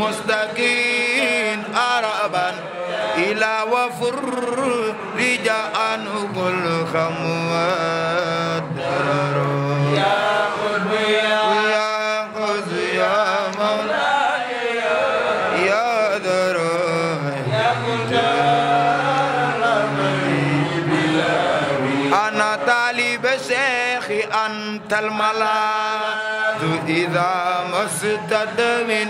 مستقيم لا وفرج عنه الخموات ضرر يا قلب يا قز يا مولاي يا ضرر يا أنا طالب شيخي أنت الملاك إذا مسدد من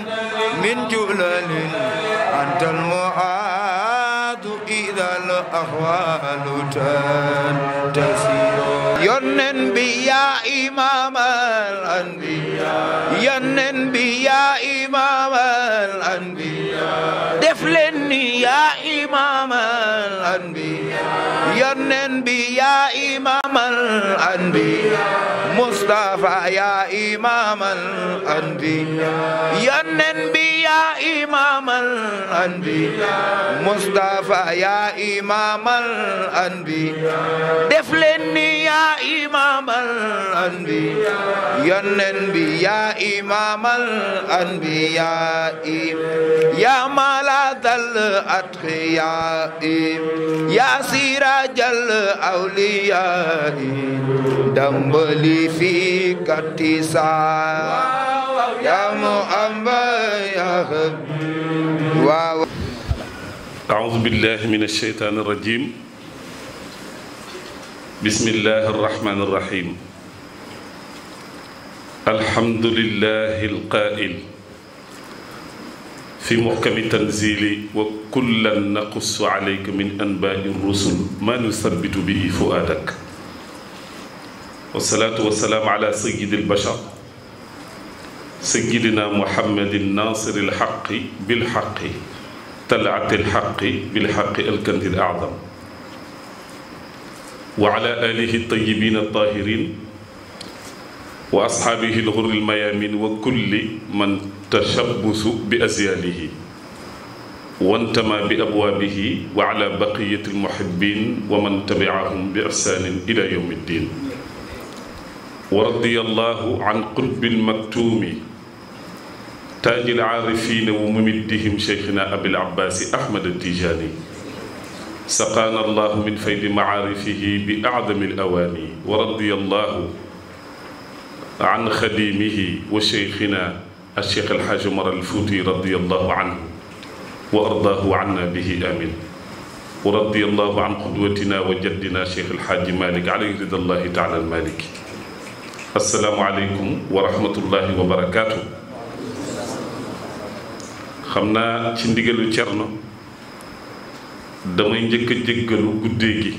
من جلال أنت المعاد ahwaalu tantasiro yonnen bi ya imam al anbiya yonnen bi ya imam yonen bi ya imamal anbiya Mustafa ya imamal anbiya yonen bi ya imamal anbiya Mustafa ya imamal anbiya def leen ni ya imamal anbiya yonen bi ya imamal anbiya ya malatal atqiya ya siraj jal awliyaa'i dambali fi katisaa yaa Muhammad yaa Habiib waaw أعوذ بالله من الشيطان الرجيم بسم الله الرحمن الرحيم الحمد لله القائل في محكم تنزيلي وكلا نقص عليك من أنباء الرسل ما نثبت به فؤادك والصلاة والسلام على سيد البشر سيدنا محمد الناصر الحق بالحق تلعة الحق بالحق الكنز الأعظم وعلى آله الطيبين الطاهرين وأصحابه الغر الميامين وكل من التشبث بأزياله وانتمى بأبوابه وعلى بقية المحبين ومن تبعهم بإحسان إلى يوم الدين ورضي الله عن قرب المكتوم تاج العارفين وممدهم شيخنا أبي العباس أحمد التيجاني سقانا الله من فيض معارفه بأعظم الأواني ورضي الله عن خديمه وشيخنا الشيخ الحاج عمر الفوتي رضي الله عنه وأرضاه عنا به آمين ورضي الله عن قدوتنا وجدنا شيخ الحاج مالك عليه رضا الله تعالى المالك السلام عليكم ورحمة الله وبركاته خمنا تندقلو تشرنو damay njëkk a jéggalu guddee gi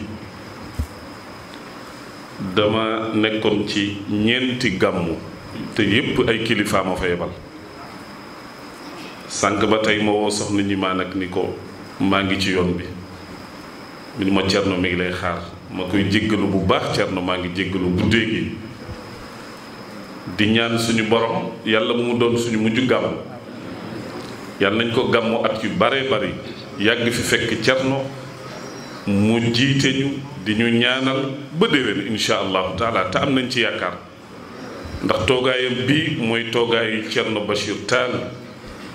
dama nekkoon ci ñeenti gàmmu te yépp ay kilifaama fa yebal sànq ba tey moo woo soxna ñi maan ak ni ko maa ngi ci yoon bi mu ni ma cerno mi ngi lay xaar ma koy jéggalu bu baax cerno maa ngi jéggalu guddee gi di ñaan suñu borom yàlla mu mu doon suñu mujj gàmm yàlla nañ ko gàmmu at yu bare bari yàgg fi fekk cerno mu jiite ñu di ñu ñaanal ba déwén insha allahu taala te am nañ ci yaakaar ndax toogaayam bii mooy toogaayu cerno Bachir Tall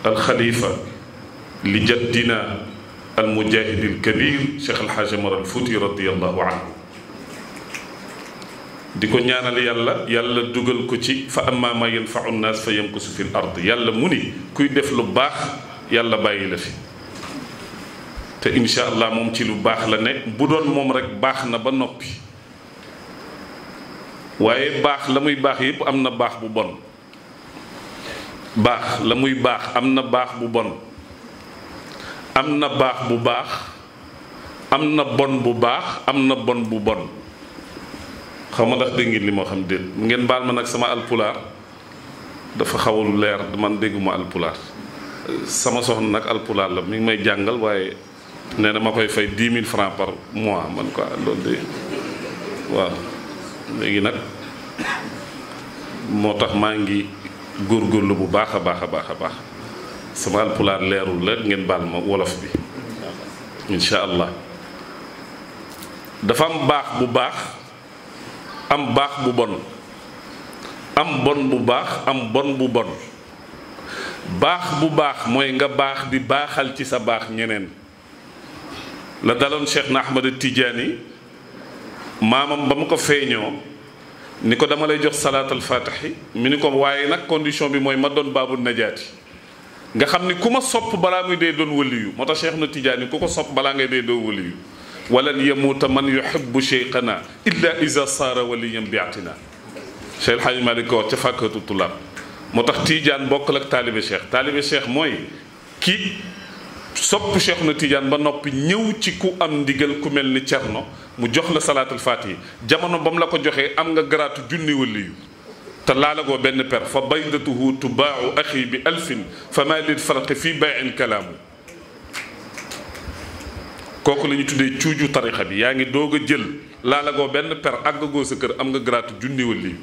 الخليفة لجدنا المجاهد الكبير شيخ الحاج مر الفوتي رضي الله عنه ديكو نيانال يالا يالا دوغل كوتي فاما ما ينفع الناس فيمكث في الارض يالا موني كوي ديف لو باخ يالا باي لا في تا ان شاء الله موم تي لو باخ لا نيك بودون موم رك باخ نا با نوبي وايي باخ لاموي باخ ييب امنا باخ بو بون bax la muy bax amna bubon, bu bon amna bax bu bax amna bon bu bax amna bon bu bon xam ma ndax dégg ngeen li mo xam de ngeen bal ma nak sama alpulaar dafa xawul leer man deguma sama soxna nak alpulaar la mi may jangal waye neena makoy fay 10000 francs par mois man ko loolu de waaw léegi nak motax góorgóorlu bu baax a baax a baax a baax sama alpulaar leerul la ngeen baal ma wolof bi incha allah dafa am baax bu baax am baax bu bon am bon bu baax am bon bu bon baax bu baax mooy nga baax di baaxal ci sa baax ñeneen la daloon Cheikh na Ahmada Tidiane maamam ba mu ko feeñoo niko dama lay jox salat al fatih mi niko waye nak condition bi moy ma don babu najati nga xamni kuma sop bala muy de don waliyu mota Cheikh na tidiane kuko sop bala ngay de doon waliyu walan yamut man yuhibbu shaykhana illa iza sara waliyan biatina Cheikh Alhaji malik ko ci fakatu tulab motax tidiane bok lak bokkal cheikh taalibe cheikh moy ki sop Cheikh na tidiane ba nopi ñëw ci ku am digel ku melni ni Cerno mu jox la salaatul fatih jamono bam la ko joxe am nga gratu junni waliyu te laalagoo ben per fa baydatuhu tuba'u akhi bi alf fa ma lil farq fi ba'i al kalam koku lañu tuddé ciuju tarixa bi yaangi doga doog a jël laalagoo ben per go sa keur am nga gratu junni wali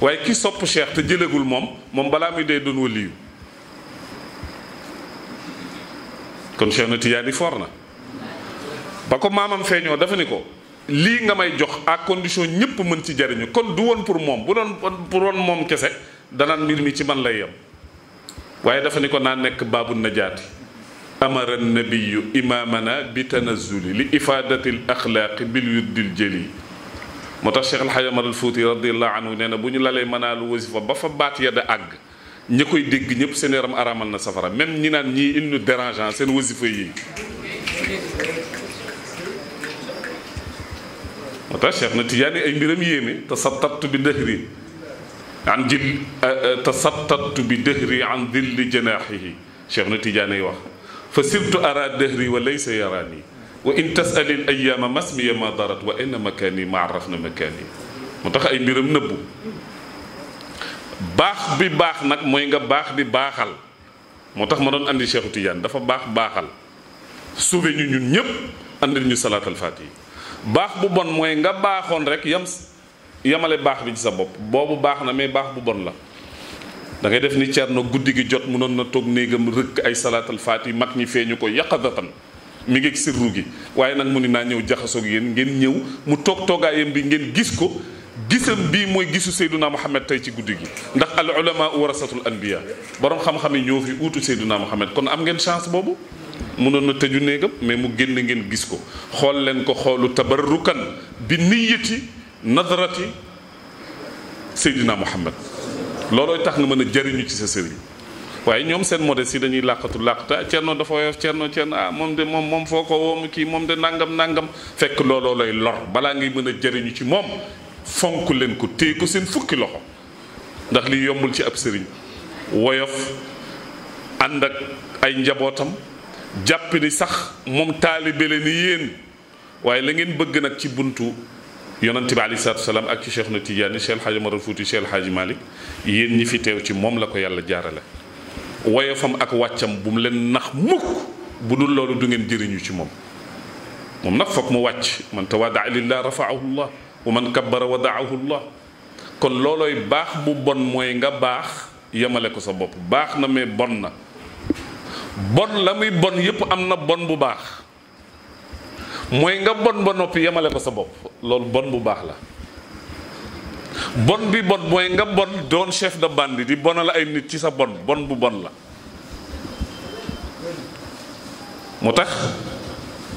waaye ki sop cheikh te jëlegul mom mom bala muy dee don wali kon cheikh na tiyadi forna bako mamam feño dafa niko li nga may jox à condition ñëpp mën ci jariñu kon du won pour mom bu don pour won mom kessé da nan mbir mi ci man lay yam waye dafa ni ko naa nekk baabu najaati amara nabiyyu imamana bi tanazuli li ifaadati l axlaaqi bil yuddil jëli moo tax cheikh al hayyam al futi radiyallahu anhu neena buñu lalay manal wazifa ba fa bat ya da ag ñakoy deg dégg ñëpp seen yaram araamal na safara même ñi nan ñi il dérangeant seen wazifa yi moo tax Cheikh na Tidiane ay mbiram yéeme tasattattu bi dëhri an jil tasattattu bi dëhri an dilli janaaxihi Cheikh na Tidiane ay wax fa sirtu ara dëhri wa laysa yaraani wa in tasali l ayaama masmiya ma darat wa ayna makaani ma arafna makaani moo tax ay mbiram nëbbu baax bi baax nag mooy nga baax di baaxal moo tax ma doon andi Cheikh Tidiane dafa baax baaxal sauvé ñu ñun ñëpp andil ñu salaatal faatiha baax bu bon mooy nga baaxoon rek yam yamale baax bi ci sa bopp boobu baax na mais baax bu bon la da ngay def ni Cerno guddi gi jot mënoon na toog néegam rëkk ay salaatal faat faati mag ñi fee ñu ko yàq yaqadatan mi ngi sirru gi waaye nag mu ni naa ñëw jaxasoog yéen ngeen ñëw mu toog toogaayam bi ngeen gis ko gisam bii mooy gisu Seyduna Muhammad tey ci guddi gi ndax al ulama warasatul anbiya borom xam-xam yi ñoo fi uutu Seyduna Muhammad kon am ngeen chance boobu mënoon na tëju néegam mais mu génn ngeen gis ko xool leen ko xoolu tabarrukan bi niyati nadrati Seydina Muhammad loolooy tax nga mën a jariñu ci sa sëriñ waaye ñoom seen modeste yi dañuy làqatu làqatu ah Thierno dafa woyof Thierno Thierno ah moom de moom moom foo ko woomu kii moom de nangam nangam fekk looloo lay lor balaa ngay mën a jariñu ci moom fonk leen ko téye ko seen fukki loxo ndax li yombul ci ab sëriñ woyof ànd ak ay njabootam. jàpp ni sax mom talibé la ni yéen waye la ngeen bëgg nak ci buntu yonnati bi ali sallallahu alayhi wasallam ak ci Cheikh na Tidiane Cheikh El Hadj Fouti Cheikh El malik yéen ñi fi tew ci mom la ko yàlla jaarale woyofam ak wàccam bu mu len nax mukk bu dul lolu du ngeen jëriñu ci mom mom nak fakk mu wàcc man tawaadaa lillahi rafaahu allah wa man kabbara wadaahu allah kon loloy bax bu bon moy nga bax yamale ko sa bop bax na me bon na bon la bon yep amna bon bu bax moy nga bon ba nopi yamale ko sa bop lol bon bu bax la bon bi bon moy nga bon don chef de bande di bonal ay nit ci sa bon bon bu bon la motax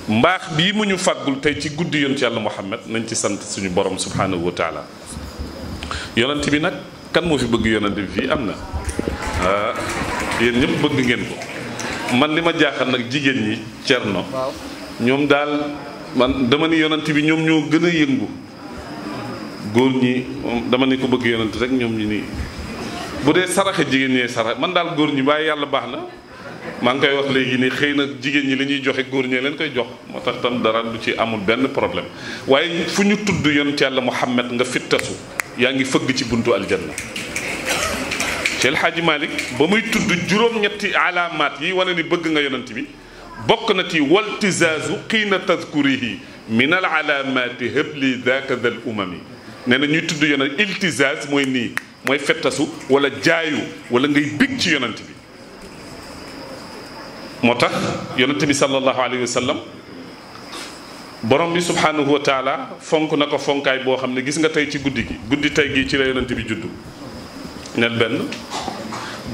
mbax bi bii mu ñu fàggul ci guddu yoon ci muhammad nañ ci sante suñu borom subhanahu wa taala yonent bi nak kan mo fi bëgg yonent bi fi amna ah yeen ñëpp bëgg ngeen ko man li ma jaaxal nag jigéen ñi cerno ñoom daal man dama ni yonent bi ñoom ñoo gën a yëngu góor ñi dama ni ko bëgg yonent rek ñoom ñu nii bu dee saraxe jigéen ñee saraxe man daal góor ñi waaye yàlla baax na maa ngi koy wax léegi ni xëy na jigéen ñi lañuy joxe góor ñee leen koy jox moo tax tam dara du ci amul benn problème waaye fu ñu tudd yonent yàlla Muhammad nga fittasu yaa ngi fëgg ci buntu aljanna Cheikh Hadji Malick ba muy tudd juróom-ñetti alamat yi wala ni bëgg nga yonent bi bokk na ci waltizazu qina tadhkurihi min al alaamaati hëbli daaka dal umami nee na ñuy tudd yonent iltizaz moy ni moy fetasu wala jaayu wala ngay big ci yonent bi motax yonent bi sallallahu alayhi wasallam borom bi subhanahu wa taala fonk nako fonkay bo xamne gis nga tay ci guddigi gi guddi tey gii ci la yonent bi juddu nel benn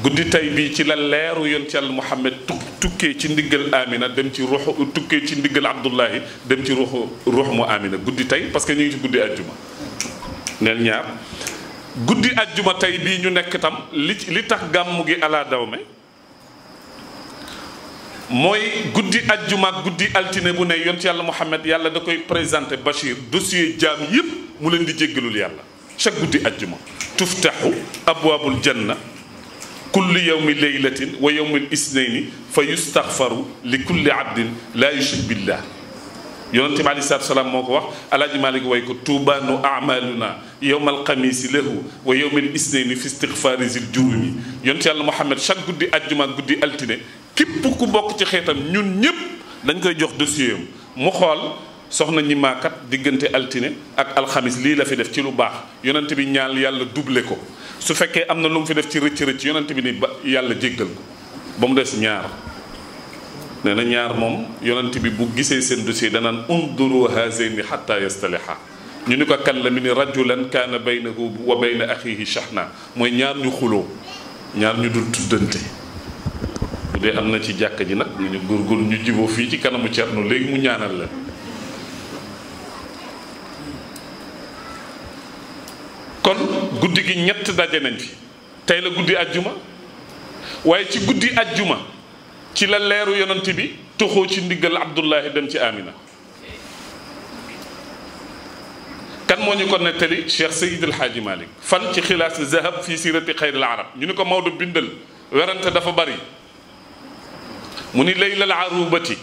guddi tey bii ci la leeru yonent Yàlla Muhammad tukkee ci ndiggal Amina dem ci ruux tukkee ci ndiggal Abdullahi dem ci ruux ruux mu Amina guddi tey parce que ñu ngi ci guddi àjjuma neel ñaar guddi àjjuma tey bii ñu nekk tam li tax gàmm gi ala dawme mooy guddi àjjuma guddi altine bu ne yonent Yàlla Muhammad yàlla da koy présenté Bachir dossier jaam yëpp mu leen di jéggalul yàlla chaque guddi àjjuma تفتح أبواب الجنة كل يوم ليلة ويوم الاثنين فيستغفر لكل عبد لا يشرك بالله يونتي علي صلى الله عليه وسلم مالك ويكو توبا نو اعمالنا يوم القميص له ويوم الاثنين في استغفار ذي الجرم يونتي الله محمد شاك غودي اجما غودي التين كيب كو بوك تي خيتام نون نيب دنجكاي جوخ دوسيوم مو خول soxna ñi maakat diggante altine ak alxamis lii la fi def ci lu baax yonent bi ñaan yàlla duble ko su fekkee am na lu mu fi def ci rëcc rëcc yonent bi ni ba yàlla jéggal ko ba mu des ñaar nee na ñaar moom yonent bi bu gisee seen dossier danaan unduru haazayni xatta yastaliha ñu ni ko kan la mi ni rajulan kaana baynahu wa bayna axihi shahna mooy ñaar ñu xuloo ñaar ñu dul tuddante bu dee am na ci jàkka ji nag ñu góorgóorlu ñu jiboo fii ci kanamu Cerno léegi mu ñaanal la kon guddi gi ñett daje nañ fi tay la guddi aljuma waye ci guddi aljuma ci la leeru yonent bi toxoo ci ndigal abdullah dem ci amina kan moñu ko nettali cheikh sayid alhaaji malik fan ci xilaas zahab fi sirati khair al arab ñu ne ko mawdu bindal werante dafa bari muni ni layla al arubati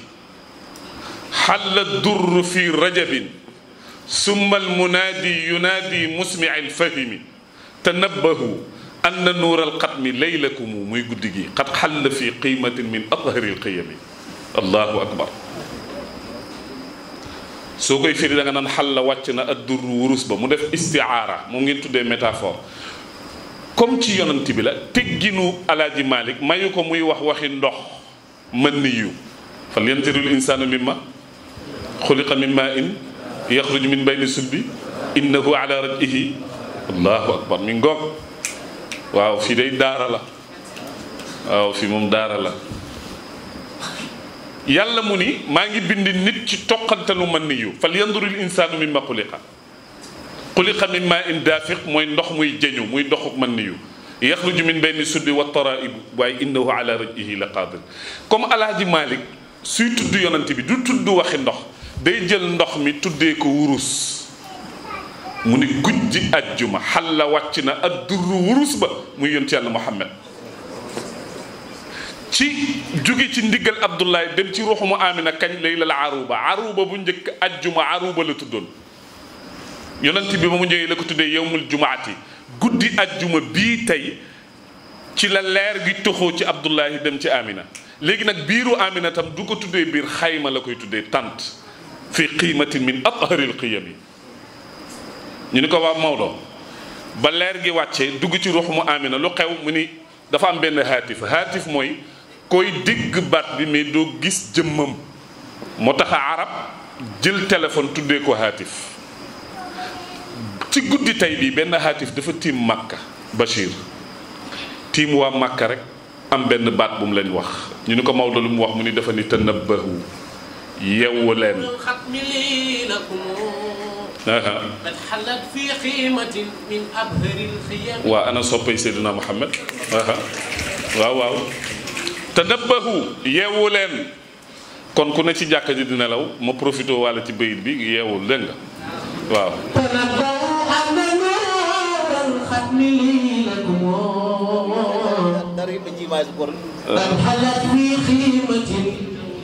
ad durr fi rajabin ثم المنادي ينادي مسمع الفهم تنبهوا أن نور القتم ليلكم muy guddi gi قد حل في قيمة من أطهر القيم الله أكبر soo koy firi da nga naan xal la wàcc na addur wurus ba mu def istiaara moom ngeen tuddee métaphore comme ci yonant bi la tegginu alaaji Malick mayu ko muy wax waxi ndox mën ni yu fal yantirul insaanu mimma xuliqa min maa in yaxruj min bayni sulbi innahu ala rajihi allahu akbar mi ngoog waaw fii day daara la waaw fii moom daara la yàlla mu ni maa ngi bind nit ci toqantalu man niyu fal yanduru l insaanu mimma xuliqa xuliqa min ma in daafiq mooy ndox muy jëñu muy ndoxuk man niyu yaxruju min bayni sulbi wa taraaib waaye innahu ala rajihi la qaadir comme alaaji Malik suy tudd yonante bi du tudd waxi ndox day jël ndox mi tuddé ko wurus mu ni gujji aljuma hal waccina adur wurus ba muy yent yàlla muhammad ci jugi ci ndigal abdullah dem ci ruuxu amina kañ lay aruba aruba bu ndek aljuma aruba la tudon yonent bi ba mu ñëwee la ko tuddé yawmul jumaati guddi aljuma bi tay ci la leer gi toxo ci abdullah dem ci amina legi nak biiru amina tam du ko tuddé bir xayma la koy tuddé tant في قيمة من أطهر القيم ني نكو وا مولا با لير جي واتي دوجي روح مو امينا لو خيو مني دا فا ام بن هاتف هاتف موي كوي ديغ بات بي مي دو غيس جيمم متخ عرب جيل تليفون تودي كو هاتف تي غودي تاي بي بن هاتف دا فا تيم مكه بشير تيم وا مكه رك ام بن بات بوم لن واخ ني نكو مولا لوم واخ مني دا فا ني تنبهو يولن وأنا صبي سيدنا محمد آه. واو واو تنبهوا يولن كون كون تي جاك دي دنا لو ما بروفيتو والا تي بيت بي يول لنغ واو تنبهوا انما الختم لكم أه.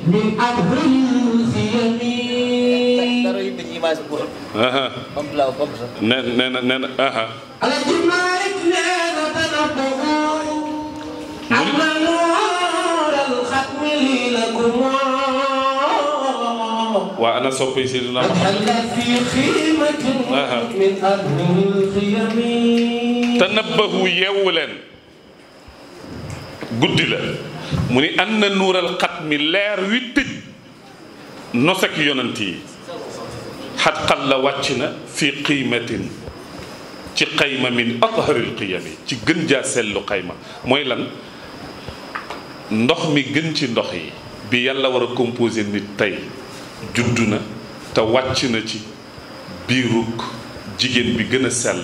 min abrin si yamin. dara yu bëri yi maa si góor. moom laa ko moom sax. nee na nee na. Alaaji Maalik nee na dana bëggoon. am na nooral xatmi lii la ko moom. waa ana soppi si dina ma. min abrin si yamin. tanabbahu yeewu leen guddi la. muni anna nural na nuural xat mi leer wi tëj nos ak yonant yi xat fi qimatin ci qayma min aqhar al qiyam ci gën ja sellu qayma moy lan ndokh mi gën ci ndokh yi bi yàlla wara composer nit tay judduna ta te ci biruk jigen bi gëna sel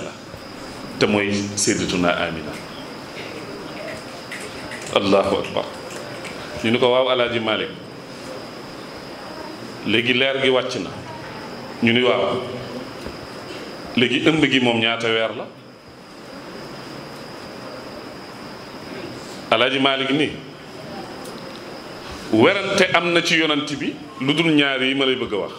ta moy sayyidatuna amina الله اكبر ñu ni ko waaw alaaji Malick léegi leer gi wàcc na ñu ni waaw léegi ëmb gi moom ñaata weer la alaaji Malick ni werante am na ci yonant bi lu dul ñaar yi ma lay bëgg a wax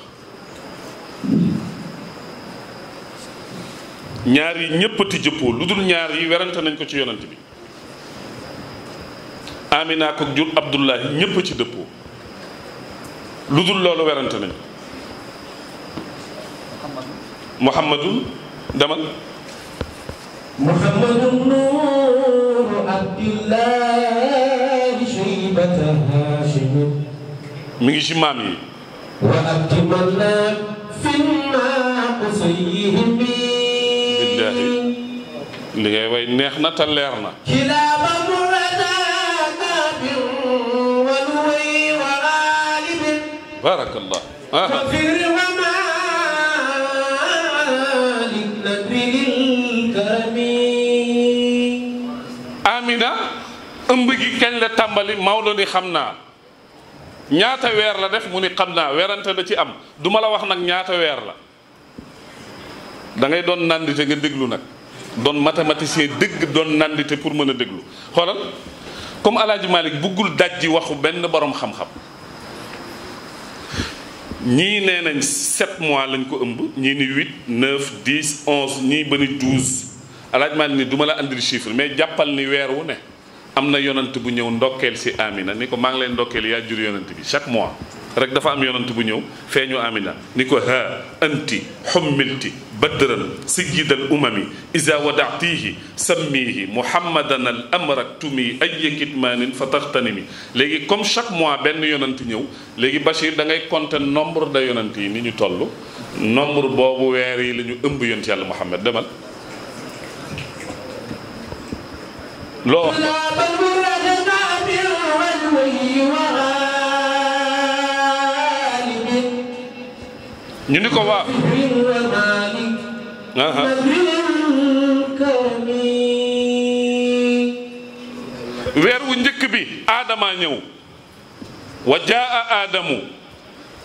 ñaar yi ñëppati jëppoo lu dul ñaar yi werante nañ ko ci yonant bi Amina ko jur Abdullahi ñëpp ci dëppoo lu dul loolu werante nañ Muhammadun demal Muhammadun nuuru Abdullahi shaybata Haashim mi ngi ci maam yi wa abtimalla fi ma qusayhim bi billahi li ngay way neex na te leer na barakallah amina ëmb gi kañ la tàmbali Maodo ni xam naa ñaata weer la def mu ni xam naa weerante la ci am duma la wax nag ñaata weer la dangay doon nandite nga déglu nag doon mathématicien dëgg doon nandite pour mën a déglu xoolal comme El Hadj Malick buggul daj ji waxu benn boroom xam-xam ñii nee nañ sept mois lañ ko ëmb ñii ni huit neuf dix onze ñii ba ni douze alaaj maa ni duma la andil chiffre mais jàppal ni weer wu ne am na yonant bu ñëw ndokkeel si Amina ni ko maa ngi leen ndokkeel yaa jur yonant bi chaque mois rek dafa am yonent bu ñëw feñu amina niko ha anti humilti badran sayid al umami iza wadatihi sammihi muhammadan al amraktumi ay kitman fa legi comme chaque mois ben yonent ñëw legi bashir da ngay compter nombre de yonent yi ni ñu tollu nombre bobu wéri li ñu ëmb yonent yàlla Muhammad demal loo ñu ni ko waa weer wu njëkk bi aadama ñëw wa jaa aadamu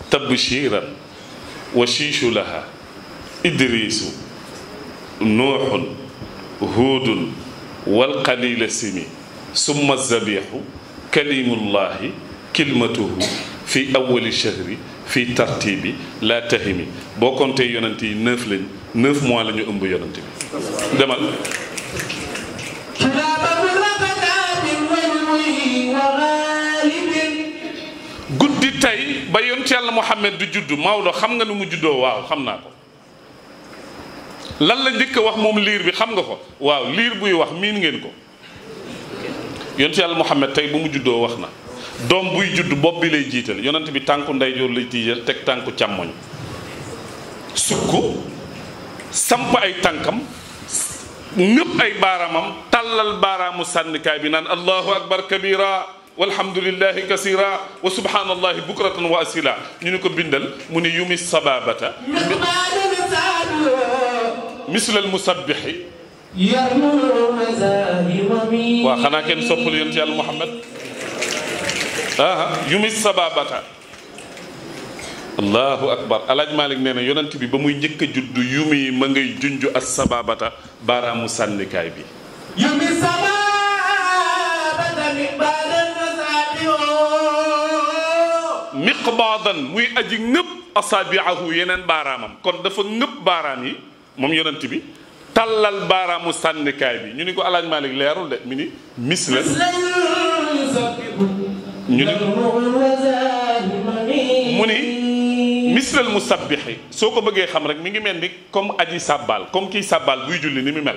tabshiran wa shiishu laha idrisu nuuxun huudun والقليل سمي ثم الذبيح كلم الله كلمته في أول شهر fii tarti bi laa tahimi boo compté yonent yi neuf lañ neuf mois la ñu ëmb yonent bi demal guddi tey ba yonent yàlla Muhammad du juddu Maodo xam nga nu mu juddoo waaw xam naa ko lan la njëkk wax moom liir bi xam nga ko waaw liir buy wax miin ngeen ko yonent yàlla Muhammad tey bu mu juddoo wax na doom buy juddu bopp bi lay jiital yonent bi tànku ndeyjoor lay jiital teg tànku càmmoñ sukk samp ay tànkam ñëpp ay baaraamam tàllal baaraamu sànnikaay bi naan allahu akbar kabira walhamdulillahi kasira wa bukratan wa asila ñu ni ko bindal mu ni yumi sababata mislal musabbixi waa xanaa kenn soppal yonent yàlla muhammad ah yumis sababata allahu akbar alaaj malik nee na yonent bi ba muy njëkk a judd yumi ma ngay junj as sababata baaraamu sànnikaay bi yumi sababata muy aji ngëpp asaabiahu yeneen baaraamam kon dafa ngëpp baaraam yi moom yonent bi tallal baaraamu sànnikaay bi ñu ni ko alaaj malik leerul de mi ni mis ñu ne mu ni mislal musabbixi soo ko bëggee xam rek mi ngi mel ni comme aji sàbbaal comme kii sàbbaal buy julli ni mi mel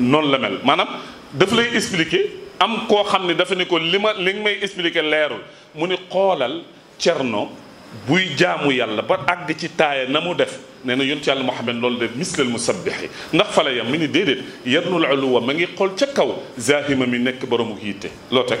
noonu la mel maanaam daf lay expliquer am koo xam ne dafa ne ko li ma li nga may expliquer leerul mu ni xoolal cerno buy jaamu yàlla ba àgg ci taaya na mu def nee na yontu yàlla Muhammad loolu def mislal musabbixi ndax fa la yam mi ni déedéet yarnul uluwa ma ngi xool ca kaw zahima mi nekk boroomu yitte loo teg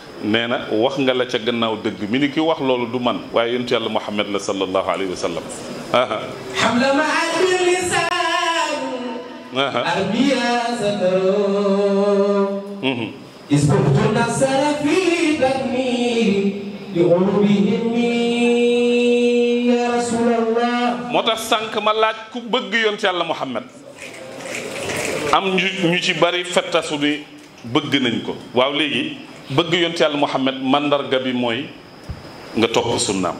nee na wax nga la ca gannaaw dëgg mi ni ki wax loolu du man waaye yontu yàlla Muhammad la sallallahu alayhi wa sallam mhm. moo tax sànq ma laaj ku bëgg yontu yàlla Muhammad am ñu ñu ci bari fettasu ni bëgg nañ ko waaw léegi bëgg yonent yàlla Muhammad màndarga bi mooy nga topp sunnaam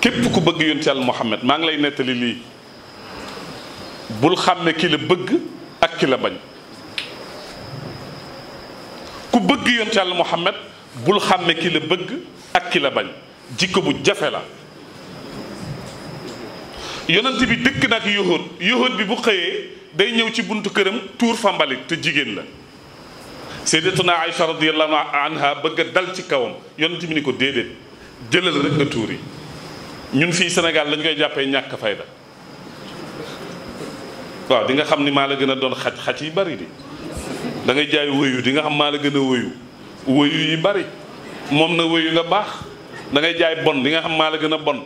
képp ku bëgg yonent yàlla Muhammad maa ngi lay nettali lii bul xàmme ki la bëgg ak ki la bañ ku bëgg yonent yàlla Muhammad bul xàmme ki la bëgg ak ki la bañ jikko bu jafe la yonent bi dëkk nag yuhud yuhud bi bu xëyee day ñëw ci buntu këram tuur fa mbalit te jigéen la naa sayyidatuna Aïcha radiyallahu anha bëgg a dal ci kawam yonent bi ni ko déedéet jëlal rek nga tuur yi ñun fii Sénégal lañ koy jàppee ñàkk fayda waaw di nga xam ni maa la gën a doon xaj xaj yi bari di da ngay jaay wëyu di nga xam maa la gën a wëyu wëyu yi bari moom na wëyu nga baax dangay jaay bon di nga xam maa la gën a bon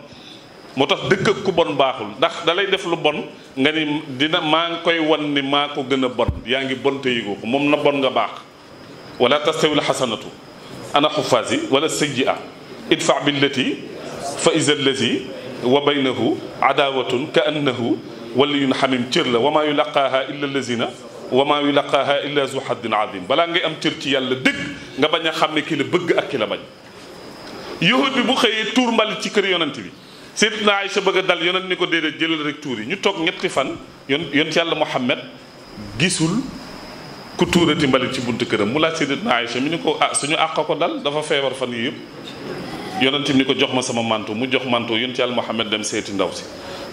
moo tax dëkk ak ku bon baaxul ndax dalay def lu bon nga ni dina maa ngi koy wan ni maa ko gën a bon yaa ngi bon te yëgu ko moom na bon nga baax ولا تستوي الحسنة أنا حفاظي ولا السيئة ادفع بالتي فإذا الذي وبينه عداوة كأنه ولي حميم تيرلا وما يلقاها إلا الذين وما يلقاها إلا ذو حد عظيم بلا نغي أم am cër ci yàlla nga baña xamé ki le bëgg ak ki la bañ yahud bi bu xeyé tour mbalit ci kër yonent bi sayyidna aisha bëgg dal yonent ni ko dédé jël rek tour yi ñu tok ñetti fan yonent yàlla Muhammad gisul ku tuurati mbalit ci buntu këram mu laaj Sayyidatuna Aïcha mi ni ko ah suñu àq ko dal dafa feebar fan yii yëpp yonent bi ni ko jox ma sama manteau mu jox manteau yonent Yàlla Muhammad dem seeti ndaw si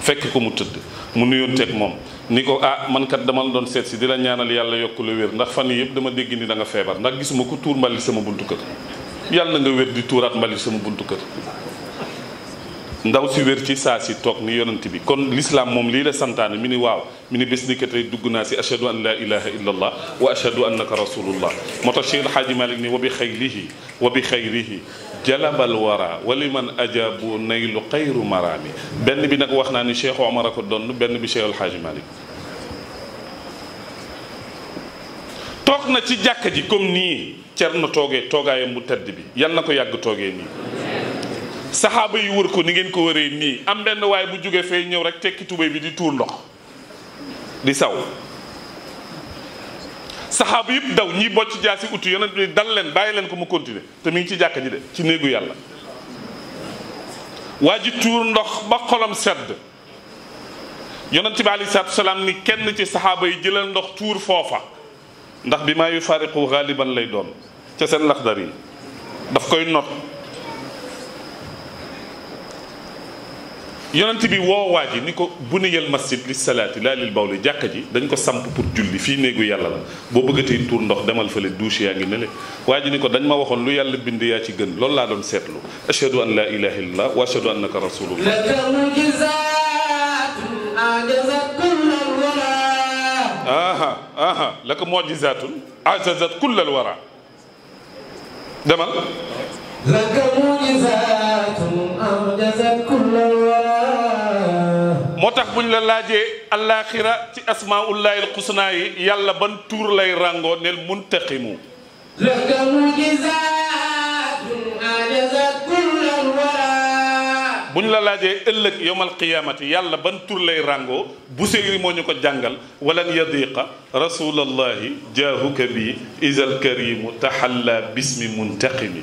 fekk ko mu tëdd mu nuyoonteeg moom ni ko ah man kat dama doon seet si di la ñaanal yàlla yokk la wér ndax fan yii yëpp dama dégg ni da nga feebar ndax gisuma ku tuur mbalit sama buntu kër yàlla na nga wér di tuuraat mbalit sama buntu kër. ndaw si wér ci saa si toog ni bi kon l'islam moom lii la santaane mi ni waaw. من بسنك تري دغنا سي ان لا اله الا الله واشهد انك رسول الله مت الشيخ الحاج مالك ني وبخيله وبخيره جلب الورى ولمن اجاب نيل خير مرامي بن بي نك واخنا ني شيخ عمر كو دون بن بي شيخ الحاج مالك توكنا سي جاكا جي ني تيرنا توغي توغاي مو تيد بي يال ني صحابه يور كو ني نكو وري ني ام بن واي بو جوغي في نيو رك di saw saxaaba yëpp daw ñi bocc jaasi utu yonent bi dal leen baye leen ko mu continuer te mi ngi ci jàkka ji de ci néegu yàlla waji tour ndox ba xolam sedd yonent bi ali sattu salaam ni kenn ci sahaba yi jël ndox tour fofa ndax bima yu fariqu ghaliban lay doon ci sen laxdar daf koy note yonent bi wo waji ji ni ko bu masjid li salati la lil bawli jakaji ji dañ ko samp pour julli fi negu yàlla la boo bëggatee tour ndox demal fële douche yaangi nele waji le waa ni ko dañ ma waxon lu yàlla bind ya ci gën lol la don setlu ashhadu an la ilaha illallah wa ashhadu annaka rasulullah aha laka mojizatun ajazat kullal wara demal laka mojizatun ajazat kullal wara moo tax buñ la laajee allaaxira ci asmaullahi alxusnaa yi yàlla ban tuur lay ràngoo nel muntaqimu buñ la laajee ëlëk yowmal qiyaamati yàlla ban tour lay ràngoo Busiri moo ñu ko jàngal walan yadiqa rasulullahi jaahuka bi izal karim tahalla bismi muntaqimi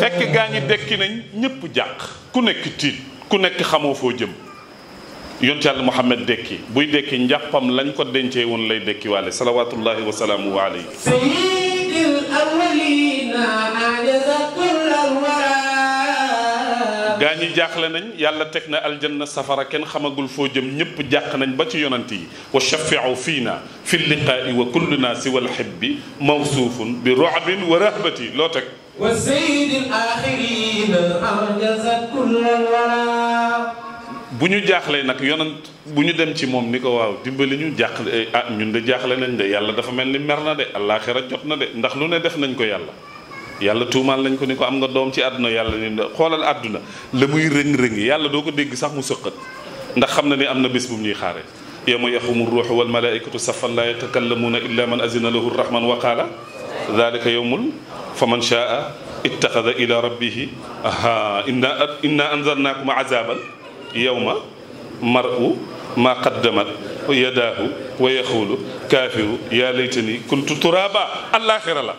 fekk gaa dekk nañ ñépp jàq ku nekk tiit ku nekk xamoo fo jëm yont yàlla Muhammad dekki buy dekk njàppam lañ ko dencé won lay dekk walé salawatullahi wa salamuhu alayhi sayyidil awwalin gaa ñi jaaxle nañ yàlla teg na aljanna safara kenn xamagul foo jëm ñëpp jàq nañ ba ci yonant yi wa shafiu fiina fi liqaai wa kulluna siwa alxibbi mawsuufun bi roxbin wa rahbati loo teg wa sayyidil aaxirin arjazat kullal wara bu ñu jaaxlee nag yonant bu ñu dem ci moom ni ko waaw dimbali ñu jaaxle ah ñun de jaaxle nañ de yàlla dafa mel ni mer na de àllaaxira jot na de ndax lu ne def nañ ko yàlla yàlla tuumaal nañ ko ni ko am nga doom ci àdduna yàlla ni xoolal àdduna la muy rëng-rëng yàlla doo ko dégg sax mu sëqat ndax xam na ni am na bés bu mu ñuy xaare yawma yaqumu ruuxu wal malaikatu safan laa yatakallamuuna illa man azina lahu rahman wa qaala dalika yawmul fa man shaa ittaxada ila rabbihi aha inna inna anzarnaakum azaban yawma mar'u ma qaddamat yadaahu wa yaxuulu kaafiru yaa laytani kuntu turaaba allaaxira la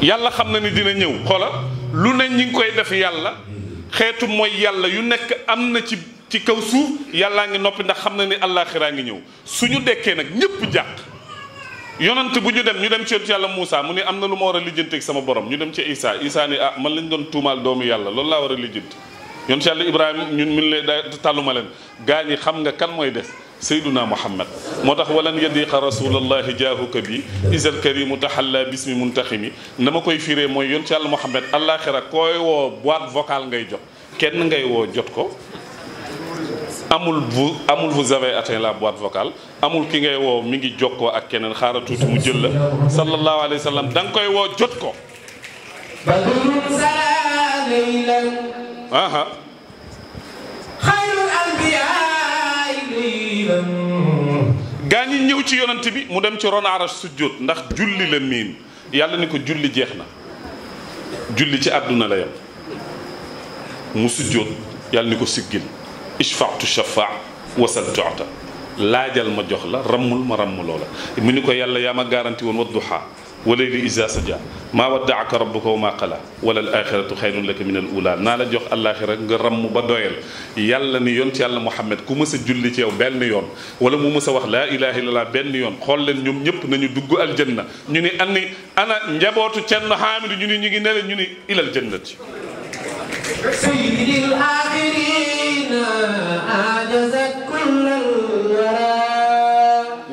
yàlla xam na ni dina ñëw xoola lu ne ñi ngi koy def yàlla xeetu mooy yàlla yu nekk am na ci ci kaw suuf yàllaa ngi noppi ndax xam na ni àllaaxiraa ngi ñëw suñu dekkee nag ñëpp jàq yonant bu ñu dem ñu dem ci yonent yàlla Moussa mu ni am na lu ma war a lijjanteeg sama borom ñu dem ci Isa Isa ni ah man lañ doon tuumaal doomu yàlla loolu laa war a lijjanti yonent yàlla Ibrahima ñun min lee da tàlluma leen gaa ñi xam nga kan mooy des سيدنا محمد موتاخ ولن walan رسول الله jaahuka كبي اذا الكريم تحلى باسم منتخم نما كوي فيري firee mooy yon محمد yàlla كوي و koy فوكال boîte vocale ngay jot kenn ngay woo jot ko amul bu amul vous avez atteint la boîte vocale amul ki ngay wo mi ngi joko ak kenen xara tout mu jël la sallallahu alayhi wasallam dang koy wo jot ko aha gaa ñi ñëw ci yonent bi mu dem ci ron arash sujjóot ndax julli la miin yàlla ni ko julli jeex na julli ci àdduna la yam mu sujjóot yàlla ni ko siggil ishfaatu shafaa wasal tuata laajal ma jox la rammul ma rammuloo la mu ni ko yàlla yama ma garanti woon wadduhaa وليل إذا سجى ما ودعك ربك وما قلى ولا الآخرة خير لك من الأولى نالا جوخ الآخرة غرام مبدويل يالا ني يونت محمد كو مسا جولي تيو بن يون ولا مو مسا لا إله إلا الله بن يون خول لين نيوم نيب نانيو دوغو الجنة ني اني انا نجبر تين حامد ني ني نيغي نيل ني إلى الجنة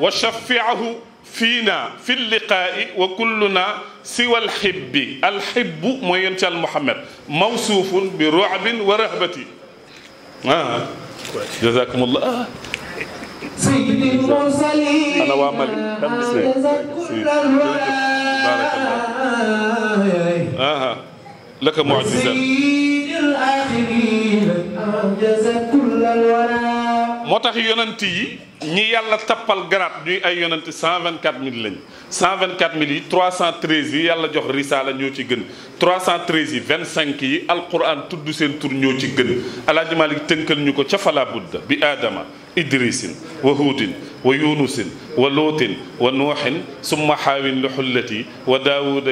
وشفعه فينا في اللقاء وكلنا سوى الحب الحب مين محمد موصوف برعب ورهبة آه. جزاكم الله آه. سيد المرسلين انا وامل كل الورى آه. لك معجزة moo tax yonant yi ñi yàlla tappal garab ñuy ay yonent cent vingt quatre mille lañ cent vingt quatre mille yi cent treize yi yàlla jox risaala ñoo ci gën trois cent treize yi vingt cinq yi al alquran tudd seen tur ñoo ci gën alaaji Maalik tënkal ñu ko ca fala bi aadama idrisin wa huudin ويونس ولوط ونوح ثم حاو لحلتي وداود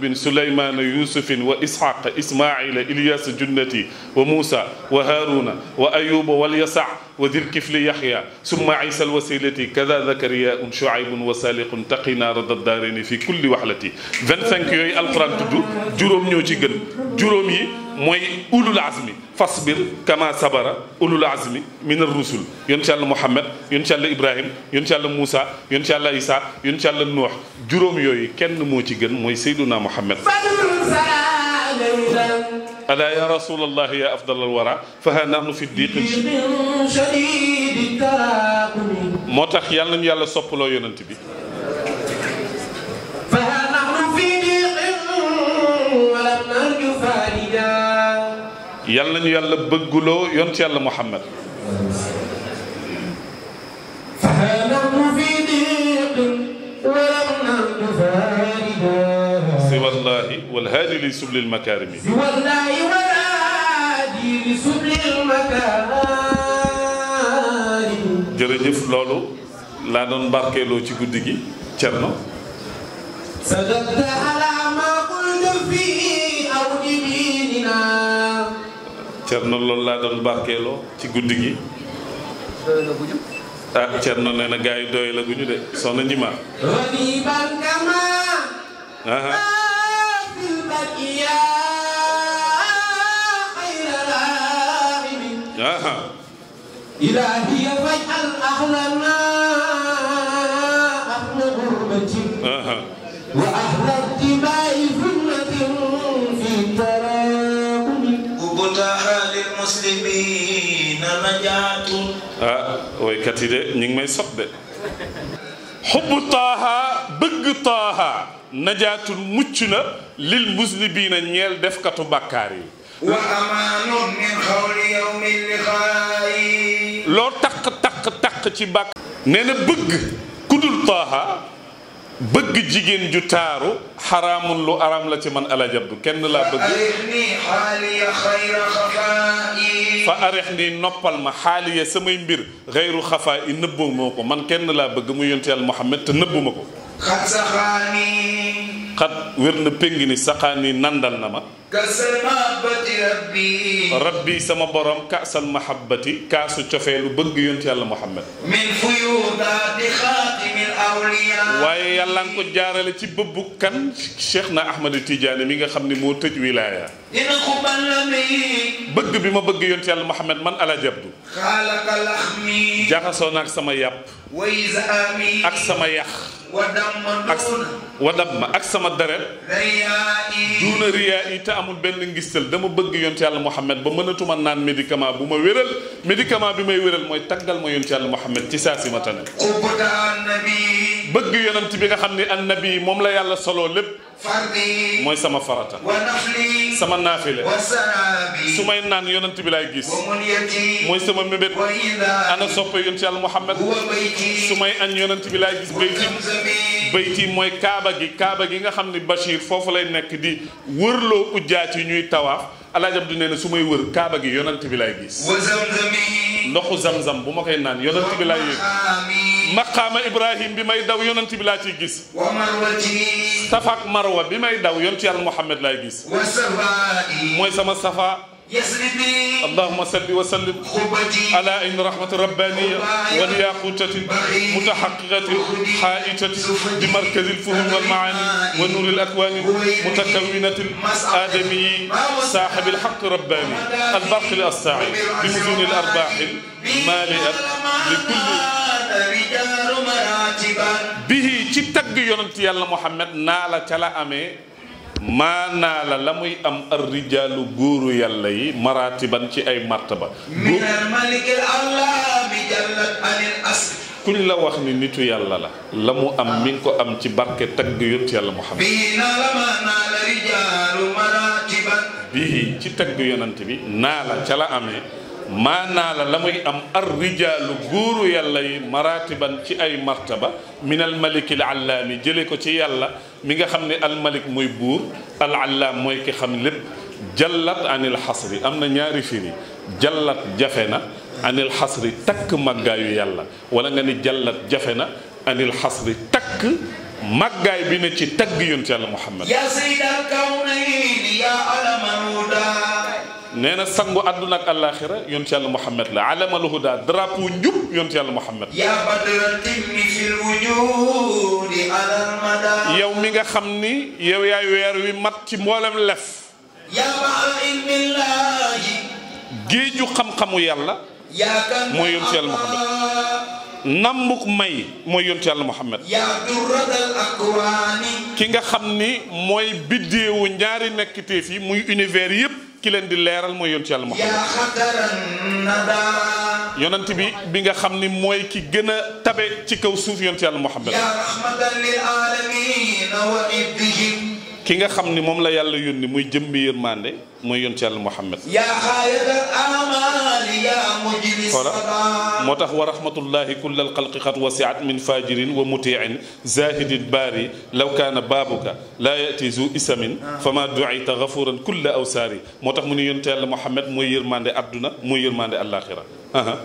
بن سليمان يوسف وإسحاق إسماعيل إلياس جنتي وموسى وهارون وأيوب واليسع وذي الكفل يحيى ثم عيسى الوسيلة كذا ذكرياء شعيب وسالق تقينا رد الدارين في كل وحلتي 25 يوي القرآن تدو جروم نيو جي گن جروم يي موي اولو العزم فاصبر كما صبر اولو العزم من الرسل يونس محمد يونس ابراهيم yonent yàlla Moussa yonent yàlla Isa yonent yàlla Nuux juróom yooyu kenn moo ci gën mooy Seyduna Muhammad alaa ya rasulallah ya afdal alwara faha nahnu fi diqin moo tax yàlla nañu yàlla soppaloo yonent bi yàlla nañu yàlla bëgguloo yonent yàlla Muhammad والهادي لسبل المكارم والله والهادي لسبل المكارم jërëjëf loolu laa doon barkeeloo ci guddi gi Cerno sadaqta ala ma qultu fi awdi dinina Cerno loolu laa doon barkeeloo ci guddi gi ah Thierno nee na gars yi doy la ñu de sonn ñi ma. ah. إلهي فاجعل أهلنا أهل غربة وأهل اتباع سنة في تراهم وبتها للمسلمين نجاة ويكاتي دي نيغ ماي صب حب طه بغ طه نجات المجنة للمسلمين نيل دفكة بكاري وأمان من خول يوم اللقاء لور تق تق تق تي بك نين بغ كدول طه بغ جيجين جو تارو حرام لو ارام لا تي من الا جاب كين لا بغ ارحني حالي خير خفائي فارحني نوبال ما حالي سمي مبير غير خفائي نبو مكو من كين لا بغ مو يونتيال محمد تنبو مكو xat saxaani xat wér na péng ni saxaani nandal na ma kasal mahabbati rabbi sama borom kaasal mahabbati kaasu cofeelu bëgg yonent yàlla Muhammad min fuyudaati xaatimil awliya waaye yàlla nga ko jaarale ci bëbbu kan Cheikh na Ahmad Tidiane mi nga xam ni moo tëj wilaaya dina ko balami bëgg bi ma bëgg yonent yàlla Muhammad man ala jabdu xaalakal axmi jaxasoo na ak sama yàpp wa izami sama yax wa damma ak wa damma ak sama deret riyaa yi duuna riyaa yi te amul benn ngistal dama bëgg yonent yàlla Muhammad ba mënatuma naan médicament bu ma wéral médicament bi may wéral mooy taggal ma yonent yàlla Muhammad ci saa si ma tane xubta annabi bëgg yonent bi nga xam ne annabi moom la yàlla soloo lépp mooy sama farata wa nafli su may naan yonent bi laay gis mooy sama mébét ana soppe yonent yàlla Muhammad su may añ yonent bi laay gis bayti mooy kaaba gi kaaba gi nga xam ni Bachir foofu lay nekk di wërloo ujjaat yi ñuy tawaaf alaaj Abdu nee na su may wër kaaba gi yonent bi laay gis ndoxu zamzam bu ma koy naan yonent bi laay yëg مقام ابراهيم بما يدعو يونتي بلا تي غيس ومروتي بما يدعو يونتي محمد لا غيس موي سما صفا اللهم صل وسلم على ان رحمه ربانيه والياقوتة متحققه حائته بمركز الفهم والمعاني ونور الاكوان متكونه ادمي صاحب الحق رباني البرق الاصاعي بمدن الارباح مالئه لكل به ci tagg الله محمد Muhammad تلا امي maanaa la la muy am ar rijaalu góoru yàlla yi maraatiban ci ay martaba minal malikil allaami jallat anil asr kuñ la wax ni nitu yàlla la la mu am min ko am ci barke tagg yonent yàlla Muhammad bii naa la ma naa la rijaalu maraatiban bii ci tagg yonent bi naa la ca la amee maanaa la la muy am arrijaalu góoru yàlla yi maratiban ci ay martaba min almalikil allaami jële ko ci yàlla mi nga xam ne almalik mooy buur al allaam mooy ki xam lépp jallat anil xasri am na ñaari firi jallat jafe na anil xasri takk màggaayu yàlla wala nga ni jallat jafe na anil xasri takk màggaay bi ne ci tagg yonent yàlla muhammad ya sayyidal kawnayni ya alamal huda nee na sangu àdduna ak àllaaxira yonent yàlla Muhammad la alamal huda drapeau njub yonent yàlla Muhammad la yow mi nga xam ni yow yaay weer wi mat ci mboolem lef géeju xam-xamu yàlla mooy yonent yàlla Muhammad nambuk may mooy yonent ki nga xam ni mooy biddeewu ñaari nekk téef yi muy univers yépp ki leen di leeral mooy yonent yàlla Muhammad yonent bi bi nga xam ni mooy ki gën a tabe ci kaw suuf yonent yàlla Muhammad ki nga xam ni moom la yàlla yónni muy jëmbi yërmande ميون تيال محمد يا خير الامان يا مجلس السلام متخ ورحمه الله كل القلق قد وسعت من فاجر ومطيع زاهد الباري لو كان بابك لا ياتي ذو اسم فما دعيت غفورا كل اوساري متخ من يون تيال محمد موي يرماندي ادنا موي يرماندي الاخره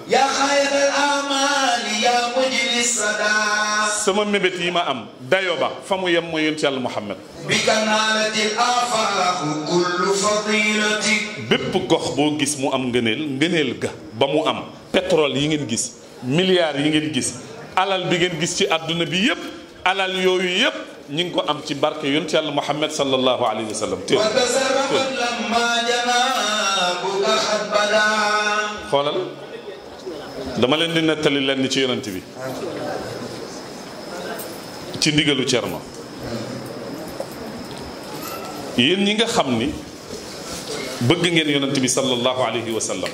يا خير الامان يا مجلس السلام سما مبيت يما ام دايوبا فمو يم موي تيال محمد بك نالت الافاق كل فضيل bépp gox boo gis mu am ngëneel ngëneel ga ba mu am pétrole yi ngeen gis milliards yi ngeen gis alal bi ngeen gis ci àdduna bi yépp alal yooyu yépp ñi ngi ko am ci barke yonent yàlla Muhammad sallallahu alayhi wa sallam téel xoolal dama leen di nettali lenn ci yonent bi ci ndigalu Cerno yéen ñi nga xam ni bëgg ngeen yonent bi sallallahu alayhi wa sallam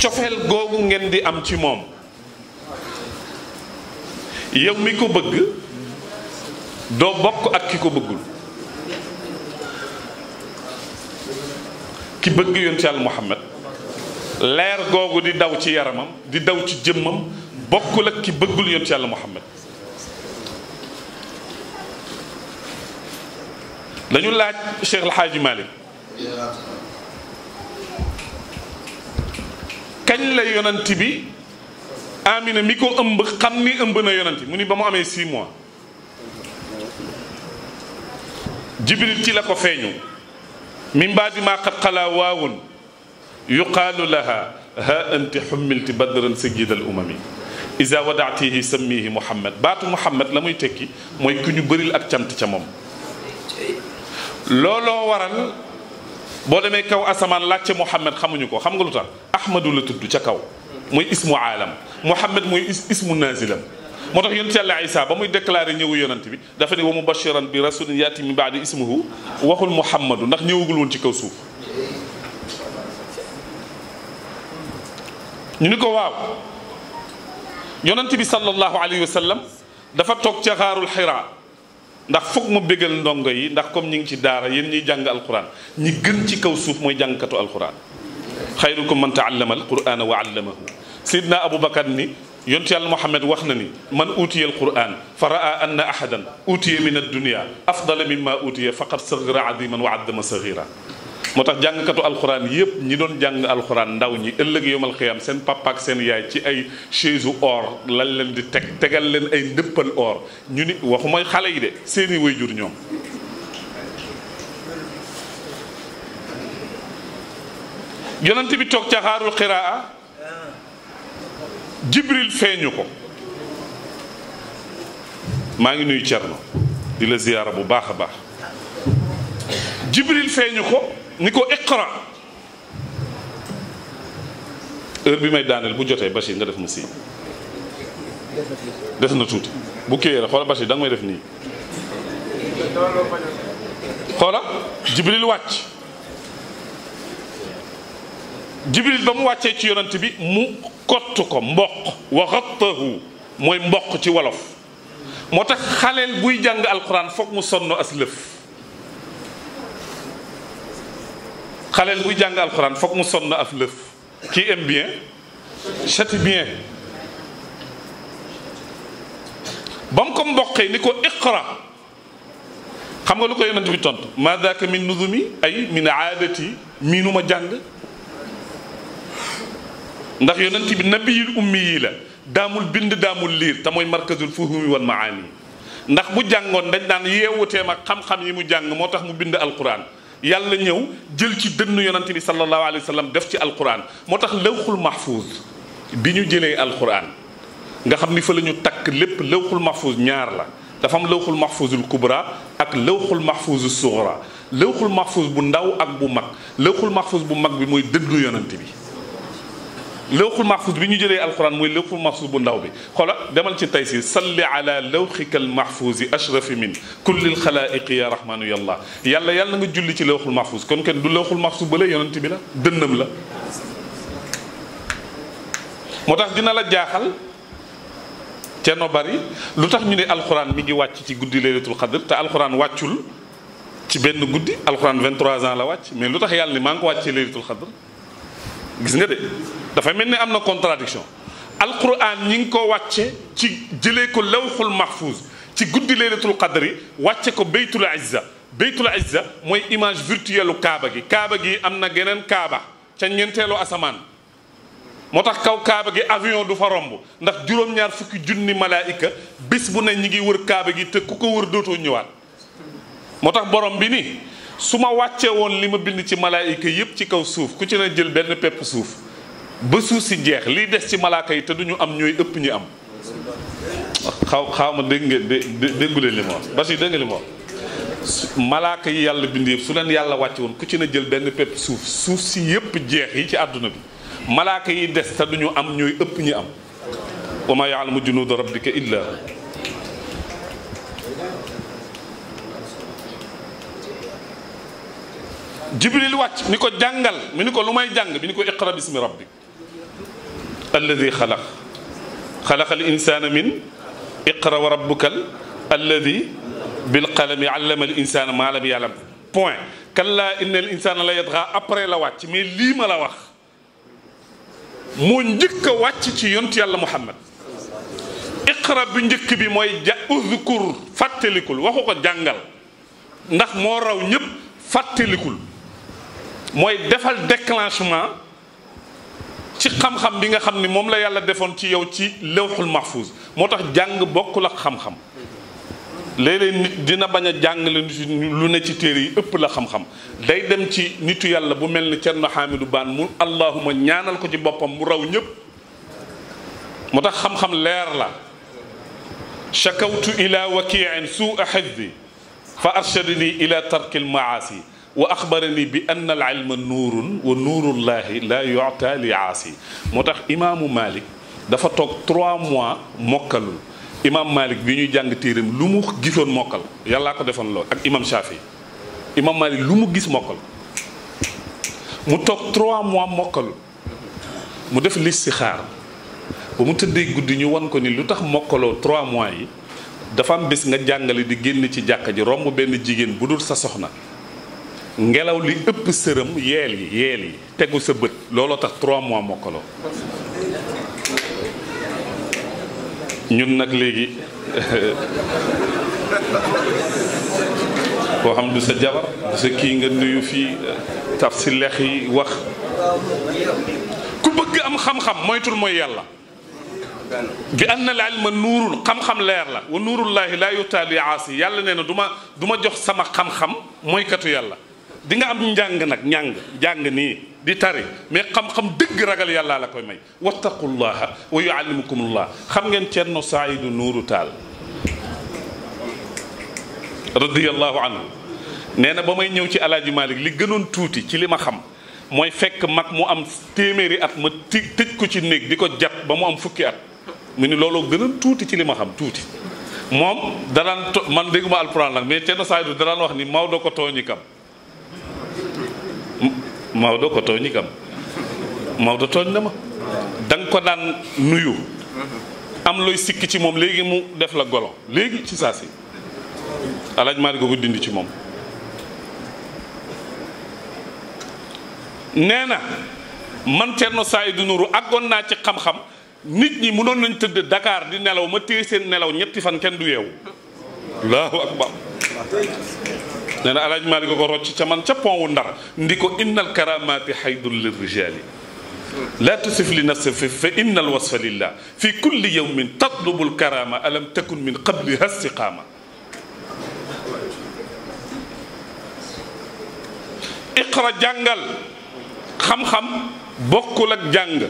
cofeel googu ngeen di am ci moom yow mi ko bëgg doo bokk ak ki ko bëggul ki bëgg yonent Yàlla Muhammad leer googu di daw ci yaramam di daw ci jëmmam bokkul ak ki bëggul yonent Yàlla Muhammad dañu laaj Cheikh El Hadj Malick kañ la yonanti bi Amina mi ko ëmb xam ni ëmb na yonanti mu ni ba mu amee six mois jibril ci la ko feeñu min baadi maa qad xalaa waawun yuqaalu laha ha anti xummilti badran sajid al umami isa wadaatihi sammihi muhammad baatu muhammad la muy tekki mooy ku ñu bëril ak cant ca moom lolo waral bo demé kaw asaman lacc Mouhamed xamuñu ko xam nga lutax Ahmadu la tuddu ca kaw moy ismu alam Mouhamed moy ismu nazilam motax yunus yonent Isa ba muy déclarer ñëwu yonent bi dafa ni wa mubashiran bi rasul yati min baadi ismuhu waxul Mouhamadu ndax ñewugul won ci kaw suuf. ñu ni ko waaw yonent bi sallallahu alayhi wa sallam dafa tok ci xaarul hira ndax foog mu bégal ndongo yi ndax comme ñi ngi ci daara yéen ñi jàng alquran ñi gën ci kaw suuf mooy jàngkatu alquran khayrukum man taallama alquran wa allamahu sidna aboubacar ni yontu yàlla muhammad wax na ni man utiya alquran fa raa anna ahadan utiya min ad-dunya afdala mimma utiya faqad saghira 'aziman wa addama saghira moo tax jàngkatu alxuraan yépp ñi doon jàng alxuraan ndaw ñi ëllëg yomal xiyam seen papa ak seen yaay ci ay chaise or lañ leen di teg tegal leen ay ndëppal or ñu ni waxu mooy xale yi de seeni waajur ñoom yonent bi toog ca xaarul xiraa jibril feeñu ko maa ngi nuyu cerno di la ziyaara bu baax a baax jibril feeñu ko ni ko iqra heure bi may daaneel bu jotee Bachir nga def ma si des na tuuti bu kiiwee rek xoolal Bachir da nga may def nii xoola jibril wàcc jibril ba mu wàccee ci yonant bi mu kott ko mboq wa xattahu mooy mboq ci wolof moo tax xaleel buy jàng alquran foog mu sonn as lëf xalel bu jàng alquran foog mu sonn af leuf ki aime bien châtie bien bam ko mboqee ni ko iqra xam nga lu ko yonent bi tont ma daaka min nuzumi ay min aadati minuma jàng ndax yonent bi nabiyul ummi yi la damul bind damul lire ta moy markazul fuhumi wal maani ndax bu jangon dañ daan yewute mak xam-xam yi mu jàng motax mu bind alquran yàlla ñëw jël ci dënnu yonante bi sallallahu alayhi wa sallam def ci alquran moo tax lawxul mahfuz bi ñu jëlee alquran nga xam ni fa la ñu takk lépp lawxul mahfuz ñaar la dafa am lawxul mahfuzul kubra ak lawxul mahfuzu sughra lawxul mahfuz bu ndaw ak bu mag lawxul mahfuz bu mag bi moy dënnu yonante bi lawxul mahfuz bi ñu jëlee alquran mooy lawxul mahfuz bu ndaw bi xoola demal ci taysir salli ala lawxika almahfuzi ashrafi min kulli alxalaiqi ya rahmanu yallah yàlla yàlla nga julli ci lawxul mahfuz kon kenn du lawxul mahfuz ba la yonent bi la dënnam la moo tax dina la jaaxal cenno bari lu tax ñu ne alquran mi ngi wàcc ci guddi laylatul xadr te alquran wàccul ci benn guddi alquran 23 ans la wàcc mais lu tax yàlla ni maa ngi ko wàcc ci laylatul xadr gis nga de dafa mel ni am contradiction alquran ñi ngi ko wàcce ci jele ko lawhul mahfuz ci guddi laylatul qadri wàcce ko baytul izza baytul izza moy image virtuelle kaaba gi kaaba gi amna genen kaaba ca ñentelo asaman motax kaw kaaba gi avion du fa rombu ndax juróom-ñaar fukki junni malaika bis bu ne ñi ngi wër kaaba gi te kuko wër doto ñëwaat motax borom bi ni suma wacce won lima bind ci malaika yépp ci kaw suuf ku ci na jël ben pep suuf ba suuf si jeex liy des ci malaaka yi te duñu am ñooy ëpp ñi am xaw xawma ma dégg ngeen dégguleen li ma wax ba si dégg nga malaaka yi yàlla bind yëpp su leen yàlla wàcce woon ku ci na jël benn pepp suuf suuf si yëpp jeex yi ci àdduna bi malaaka yi des te duñu am ñooy ëpp ñi am wa ma yaalamu junuuda rabbika illa jibril wàcc ni ko jàngal mi ni ko lu may jàng mi ni ko iqra bismi rabbik الذي خلق خلق الإنسان من اقرأ وربك الذي بالقلم علم الإنسان ما لم يعلم point كلا إن الإنسان لا يدغى أبري لوات مي لي ما لوخ من جك وات تي الله محمد اقرأ بنجك بي موي اذكر فاتلكل وخوكو جانغال ناخ مو راو نيب فاتلكل موي ديفال ديكلانشمان ci xam-xam bi nga xam ni moom la yàlla defoon ci yow ci lewxul mahfuz moo tax jàng bokkul ak xam-xam léeg-léeg nit dina bañ a jàng lu ne ci téere yi ëpp la xam-xam day dem ci nitu yàlla bu mel ni Cerno Hamidou Bane mu allahuma ñaanal ko ci boppam mu raw ñëpp moo tax xam-xam leer la shakawtu ila wakiin suu a fa arshadani ila tarkil maasi واخبرني بان العلم نور ونور الله لا يعطى لعاصي موتاخ امام مالك دا فا توك 3 موا موكل امام مالك بي ني جانغ تيرم لومو غيسون موكل يالا كو ديفون لو اك امام شافعي امام مالك لومو غيس موكال مو توك 3 موا موكل مو ديف لي سيخار بومو تدي غودي ني وان كو ني لوتاخ موكلو 3 موا يي دا فام بيس نغا جانغالي دي ген سي جاكاجي رومب بن جيجين بودول سا سخنا ngelaw li ëpp sërëm yeel yi yeel yi tegu sa bët looloo tax trois mois mokkaloo ñun nag léegi koo xam du sa jabar du sa kii nga nuyu fii taf si lex yi wax ku bëgg am xam-xam moytul mooy yàlla bi anna al ilma nuurun xam-xam leer la wa nuurullahi laa yutaa bi aasi yàlla nee na du ma du ma jox sama xam-xam mooykatu yàlla dinga nga am njàng nag njàng jàng nii di tari mais xam-xam dëgg ragal yàlla la koy may wattaqullaha wa yuallimukumullah xam ngeen Ceerno Saidu Nuuru Taal radiyallahu anhu nee na ba may ñëw ci alaaji Malik li gënoon tuuti ci li ma xam mooy fekk mag mu am téeméeri at ma ti tëj ko ci néeg di ko jat ba mu am fukki at mu ni looloo gënoon tuuti ci li ma xam tuuti moom daraan man dégguma alxuraan nag mais Ceerno Saidu daraan wax ni Maodo ko tooñi kam Maodo ko tooñi kam Maodo tooñ na ma da ko daan nuyu am looy sikk ci moom léegi mu def la golo léegi ci saa si alaaj Maalik ko ko dindi ci moom nee na man Thierno du Nourou àggoon naa ci xam-xam nit ñi mu doon nañ tëdd dakaar di nelaw ma téye seen nelaw ñetti fan kenn du yeewu allahu akbar نانا الاج مالك كو روتي تي مان تي بون وندار نديكو ان الكرامات حيد للرجال لا تصف لنفسك فان الوصف لله في كل يوم تطلب الكرامه الم تكن من قبلها استقامه اقرا جانغال خم خم بوكول اك جانغ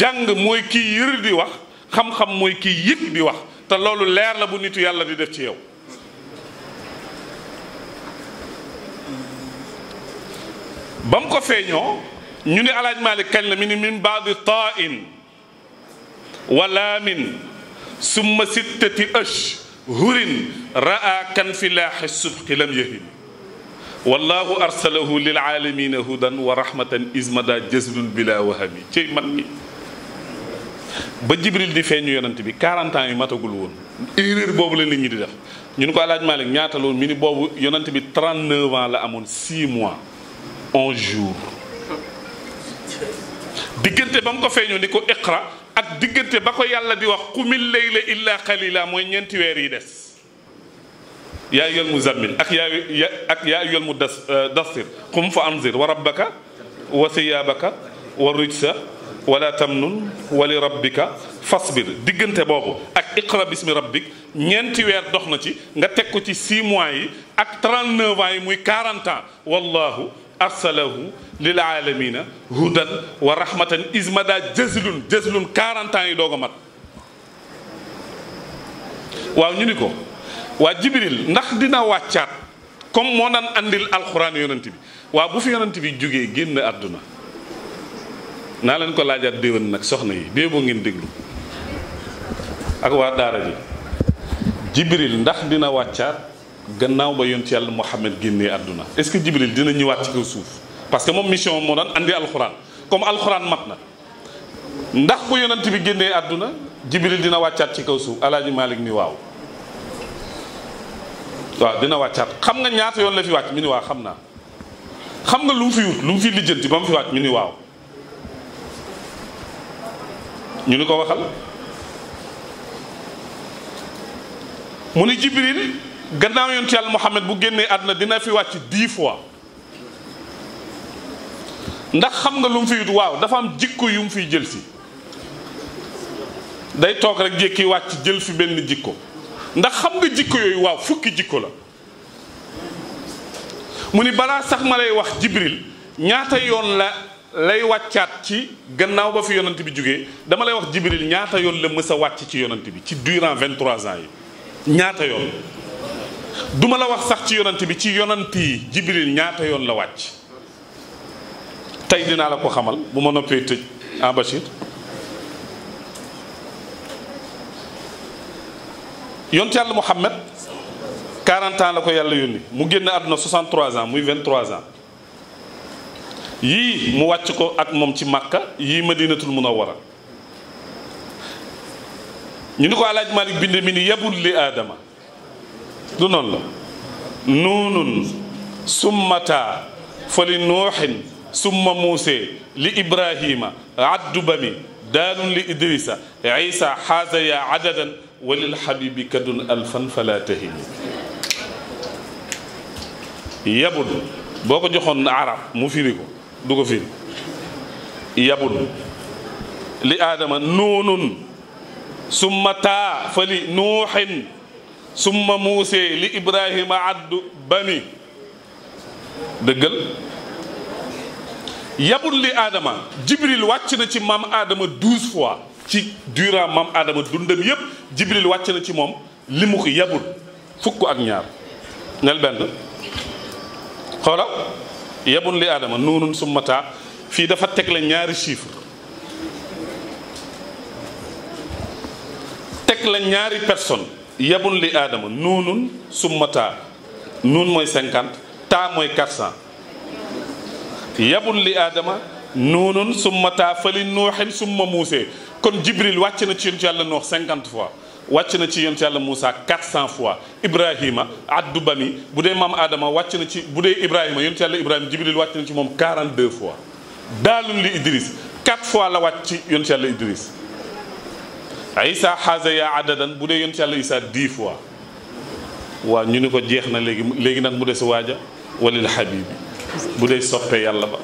جانغ موي كي يردي واخ خم خم موي كي ييك دي واخ تا لولو لير لا بو نيتو يالا دي ديف تي يوم bam ko feño ñu ni alaj malik kañ la min ba'd tain wala min summa sittati ash hurin raa kan fi laaxi subh lam yahim wallahu arsalahu lil alamin hudan wa rahmatan ismada jazlun bila wahabi cey man ni ba jibril di feñu yonent bi 40 ans yu matagul won erreur bobu la nit ñi di def ñu ko alaj malik ñaata loon mi bobu yonent bi 39 ans la amone 6 mois 11 jours diggante bam ko feñu ni ko iqra ak diggante bako yàlla di wax qumil layla illa qalila moy ñeenti wër yi dess ya ayyul muzammil ak ya ak ya ayyul mudassir qum fa anzir wa rabbaka wa siyaabaka wa rijsa wala tamnun wali rabbika fasbir diggante boobu ak iqra bismi rabbik ñeenti weer dox ci nga teg ko ci 6 mois yi ak 39 ans yi muy 40 ans wallahu arsalahu lil alamina hudan wa rahmatan ismada jëslun jëslun 40 ans yi doog a mat waaw ñu ni ko waa jibril ndax dina wàccaat comme moo daan andil alxuraan yonent bi waaw bu fi yonent bi jógee génn àdduna naa leen ko laajaat déwén nag soxna yi bee boo ngeen déglu ak waa daara ji jibril ndax dina wàccaat gannaaw ba yonent yàlla Muhammad genné aduna àdduna est-ce que Jibril dina ñëwaat ci kaw suuf parce que mom mission mo daan andi alxuraan comme alxuraan matna ndax bu yonent bi genné aduna Jibril dina waccat ci kaw suuf alaaji Malik ni waaw wa dina waccat xam nga ñaata yoon la fi wàcc mini wa waaw xam naa xam nga lu mu fi wut lu mu fi lijeenti ba mu fi wàcc mini ni waaw ñu ni ko waxal mu ni Jibril gannaaw yonent yàlla Muhammad bu génnee àdduna dina fi wàcc dix fois ndax xam nga lu mu fi waaw dafa am jikko yu mu fiy jël si day toog rek jékki wàcc jël fi benn jikko ndax xam nga jikko yooyu waaw fukki jikko la mu ni balaa sax ma lay wax Jibril ñaata yoon la lay wàccaat ci gannaaw ba fi yonant bi jógee dama lay wax Jibril ñaata yoon la mës a wàcc ci yonant bi ci durant vingt-trois ans yi ñaata yoon duma la wax sax ci yonant bi ci yonant yi jibril ñaata yoon la wàcc tey dinaa la ko xamal bu ma noppee tëj ah Bachir yont yàlla Muhammad 40 ans la ko yàlla yon yónni mu génn àdduna 63 ans muy 23 ans yii mu wàcc ko ak moom ci Makka yii a wara ñu ni ko alaaj Malik bind mi ni yabul li aadama دونال نون سمتا فلنوح ثم موسى لابراهيم عد بمي دال لادريس عيسى حازيا عددا وللحبيب كد الفا فلا تهن يبن بوكو جوخون عرب مفيريكو دوكو في يبن لادم نون سمتا فلنوح نوح summa musa li ibrahima ad bani deugal yabul li adama jibril wàcc na ci mam adama 12 fois ci durant mam adama dundam yeb jibril wàcc na ci mom limu ko yabul fukku ak ñaar nel benn xola yabul li adama nunun summa taa fii dafa tek la ñaari chiffre tek la ñaari personne yabun li aadama nuunun summa taa nuun mooy cinquante taa mooy quatre cent yabun li aadama nuunun summa taa fali nuuxin summa muusee kon jibril wàcc na ci yonent yàlla noox cinquante fois wàcc na ci ci yàlla Moussa quatre cent fois Ibrahima addu bami bu dee maam aadama wàcc na ci bu dee Ibrahima yonent yàlla Ibrahima jibril wàcc na ci moom quarante deux fois daalul li Idris quatre fois la wàcc ci yonent yàlla Idris isa xaasa yaa adadan bu dee yonent yàlla isa dix fois waa ñu ko jeex na léegi léegi nag mu walil habibi bu dee soppee yàlla ba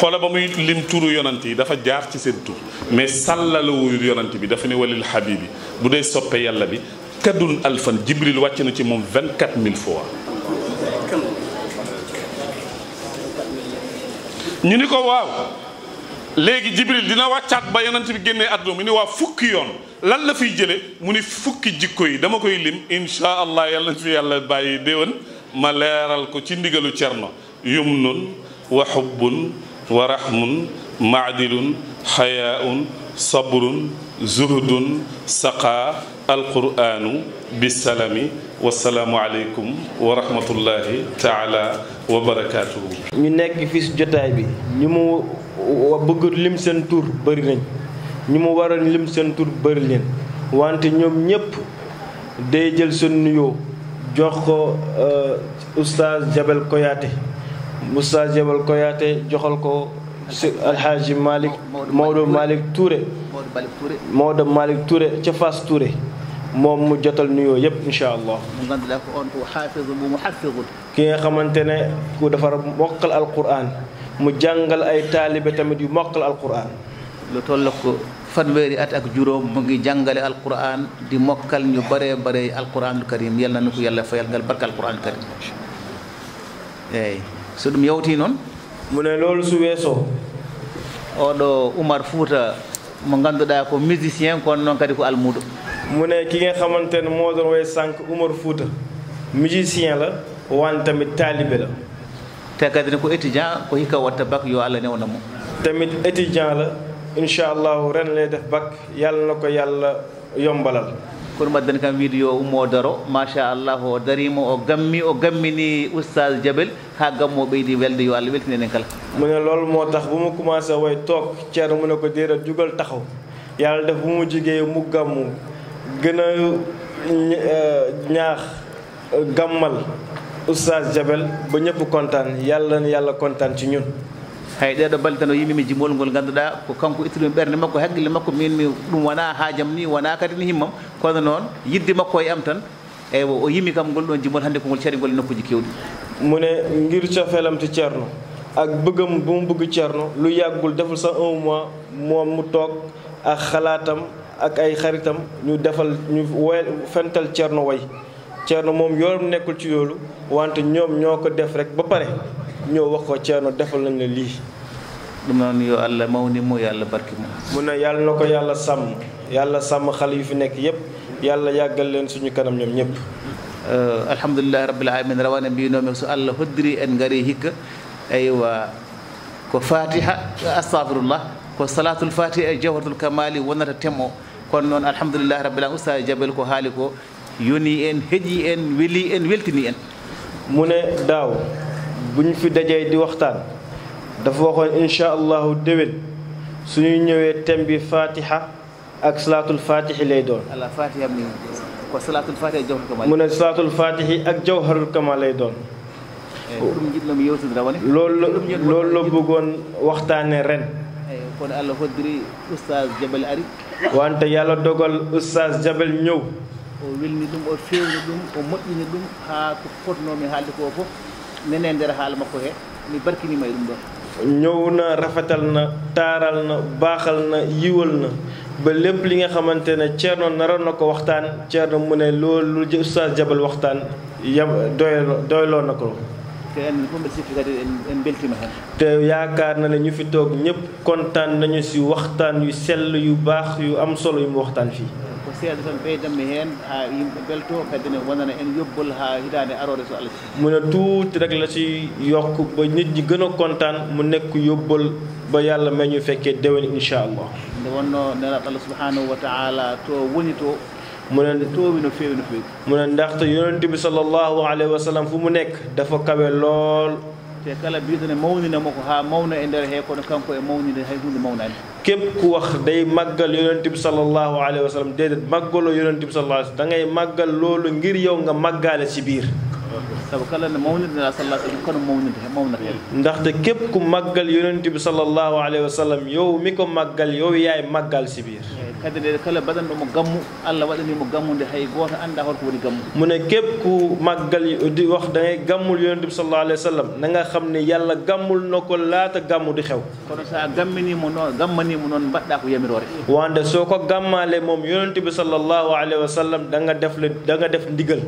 xoola ba muy lim turu yonant yi dafa jaar ci seen tur mais sàllalawul yonant bi dafa ne walil habibi bu dee soppee yàlla bi kaddun alfan jibril wàcc na ci moom vingt quatre mille fois ñu ni ko waaw léegi jibril dina wàccaat ba yonant bi génnee àdduna mu ni waa fukki yoon lan la fiy jële mu ni fukki jikko yi dama koy lim insha allah yàlla fi yàlla bàyyi déwén ma leral ko ci ndigalu cerno yumnun wa hubbun wa rahmun ma'dilun hayaun sabrun zuhdun saqa القرآن بالسلام والسلام عليكم ورحمة الله تعالى وبركاته. barakatuhu ñu nekk fii si jotaay bi ñu mu bëgg ñi mu war a lim seen tur bëri leen wante ñoom ñëpp day jël seen nuyoo jox ko oustaz Jabel Koyaate oustaz Jabel Koyaate joxal ko alxaaji Malick Maodo Malick Touré Maodo Malick Touré ca Fass Touré moom mu jotal nuyoo yëpp incha allah ki nga xamante ne ku dafa mokkal alquran mu jàngal ay taalibe tamit yu mokkal alquran lu toll ko fanweri at ak juróom mu ngi jàngale alquran di mokkal ñu bare bare alquranul karim yal na nu ko fayal ngal barkal Quran karim eyi so ɗum yawti non mu ne loolu su weesoo oɗo umar fouta mo ganduda ko musicien kono non kadi ko almudo mu ne ki nga xamantene mo do way sank umar fouta musicien la wan tamit taalibe la te kadi ko étudiant ko hikka watta yo alla newna mo tamit étudiant la insha allahu ren lay def bac yàlla na ko yàlla yombalal kurmaddan kam daro ummodoro machallahu o darima o gammi o gammini oustage jabel ha gammo ɓeydi welde yo allah weltine enen kala mu ne loolu moo tax bu mu commencé way toog ceerno mu ne ko déera jugal taxaw yàlla def bu mu jigee mu gammu gën a ñaax gammal oustage jabel ba ñëpp kontaan yàlla na yàlla kontaan ci ñun hay ɗeɗo balɗe tan o yimimi jimol ngol ganduɗa ko kanko ittudimi ɓernde makko haqqille makko min mi ɗum wona haajam ni wona kadi ne himmam kono noon yidde makko e am tan eyyi o yimi kam ngol ɗon jimol hannde ko ngol caringol e nokkuji kewɗi mu ne ngir cofelam to ceerno ak bëggam bu mu bëgg ceerno lu yàggul deful sa un mois moom mu toog ak xalaatam ak ay xaritam ñu defal ñu woy fental ceerno way ceerno moom yoonam nekkul ci yoolu wante ñoom ñoo ko def rek ba pare ñoo wax ko ceerno defal nañ la lii ɗum noon yo allah mawni mo yo barki mo mu yàlla na ko yàlla sàmm yàlla sàmm xale yu fi nekk yépp yàlla yàggal leen suñu kanam ñoom ñépp alhamdulillahi rabbil alamin rawane mbinomi so allah hoddiri en gaari hikka eywa ko fatiha astahfirullah ko salatul fatiha e jawharatul kamali wonata tem o kono noon rabbil alamin ustaji jabel ko haali ko yoni en heeƴi en weeli en weltini en mu ne buñ fi dajee di waxtaan dafa waxoon incha allahu déwén suñuy ñëwee thème bi fatiha ak salaatul fatihi lay doon. ala fatiha am nañu ko salaatul fatihi ak jawharul kamal. mu ne salaatul fatihi ak jawharul kamal lay doon. loolu la loolu la bëggoon waxtaanee ren. kono allah hoddiri oustage jabel ari wonta yo allah dogal oustage jabel ñow o welni ɗum o fewni ɗum o moƴƴini ɗum ha ko fotnomi haalde ko fof nene e nder haala makko he mi barkinima e ɗum ɗon ñëw na rafetal na taaral na baaxal na yiwal na ba lépp li nga xamante ne Thierno naroon na ko waxtaan Thierno mu ne loolu lu Oustaz Jabal waxtaan yam doy doyloo na ko. te yaakaar na ne ñu fi toog ñëpp kontaan nañu ci waxtaan yu sell yu baax yu am solo yu waxtaan fii. seeɗa tan ɓeydammi heen haa yimɓe mbelto kadi ne wonana en yobbol haa hitaande aroore so allah mu ne tuuti rek la ci yokk ba nit ñi gën a kontaan mu nekk yobbol ba yàlla may ñu fekkee déwén incha allah nde wonno nelaat allah subhanahu wa taala to woni to mu ne toowi no feewi no feewi mu ne ndaxte yonent bi sallallahu alayhi wa sallam fu mu nekk dafa kawe lool te kala mbiɗo ne mawnina ha mawna e nder he kono kanko e mawnide hay hunde mawnani képp ku wax day màggal yonent bi sallallahu alayhi wa sallam déedéet màggaloo yonent bi sallallahu alayhi wa sallam da ngay loolu ngir yow nga màggaale ci biir sabu kala ne mawnidena sallah sallam kono mawnide mawnata ndaxte képp ku màggal yonent sallallahu alayhi wa sallam yow mi ko màggal yow yaay màggal ci biir kadi nder kala baɗanɗo mo gammu allah waɗani mo gammude hay goto anda holko woni gammu mu ne képp ku màggal wax da ngay gammul yonente bi sallallahu alayhi wa sallam na nga xam ne yàlla gammul na ko laata gammu di xew kono sa gamminimo noon gammanimo noon mbaɗɗa ko yamirore wande soo ko gammaale moom yonente bi sallallahu alayhi wa sallam da nga def le da nga def ndigal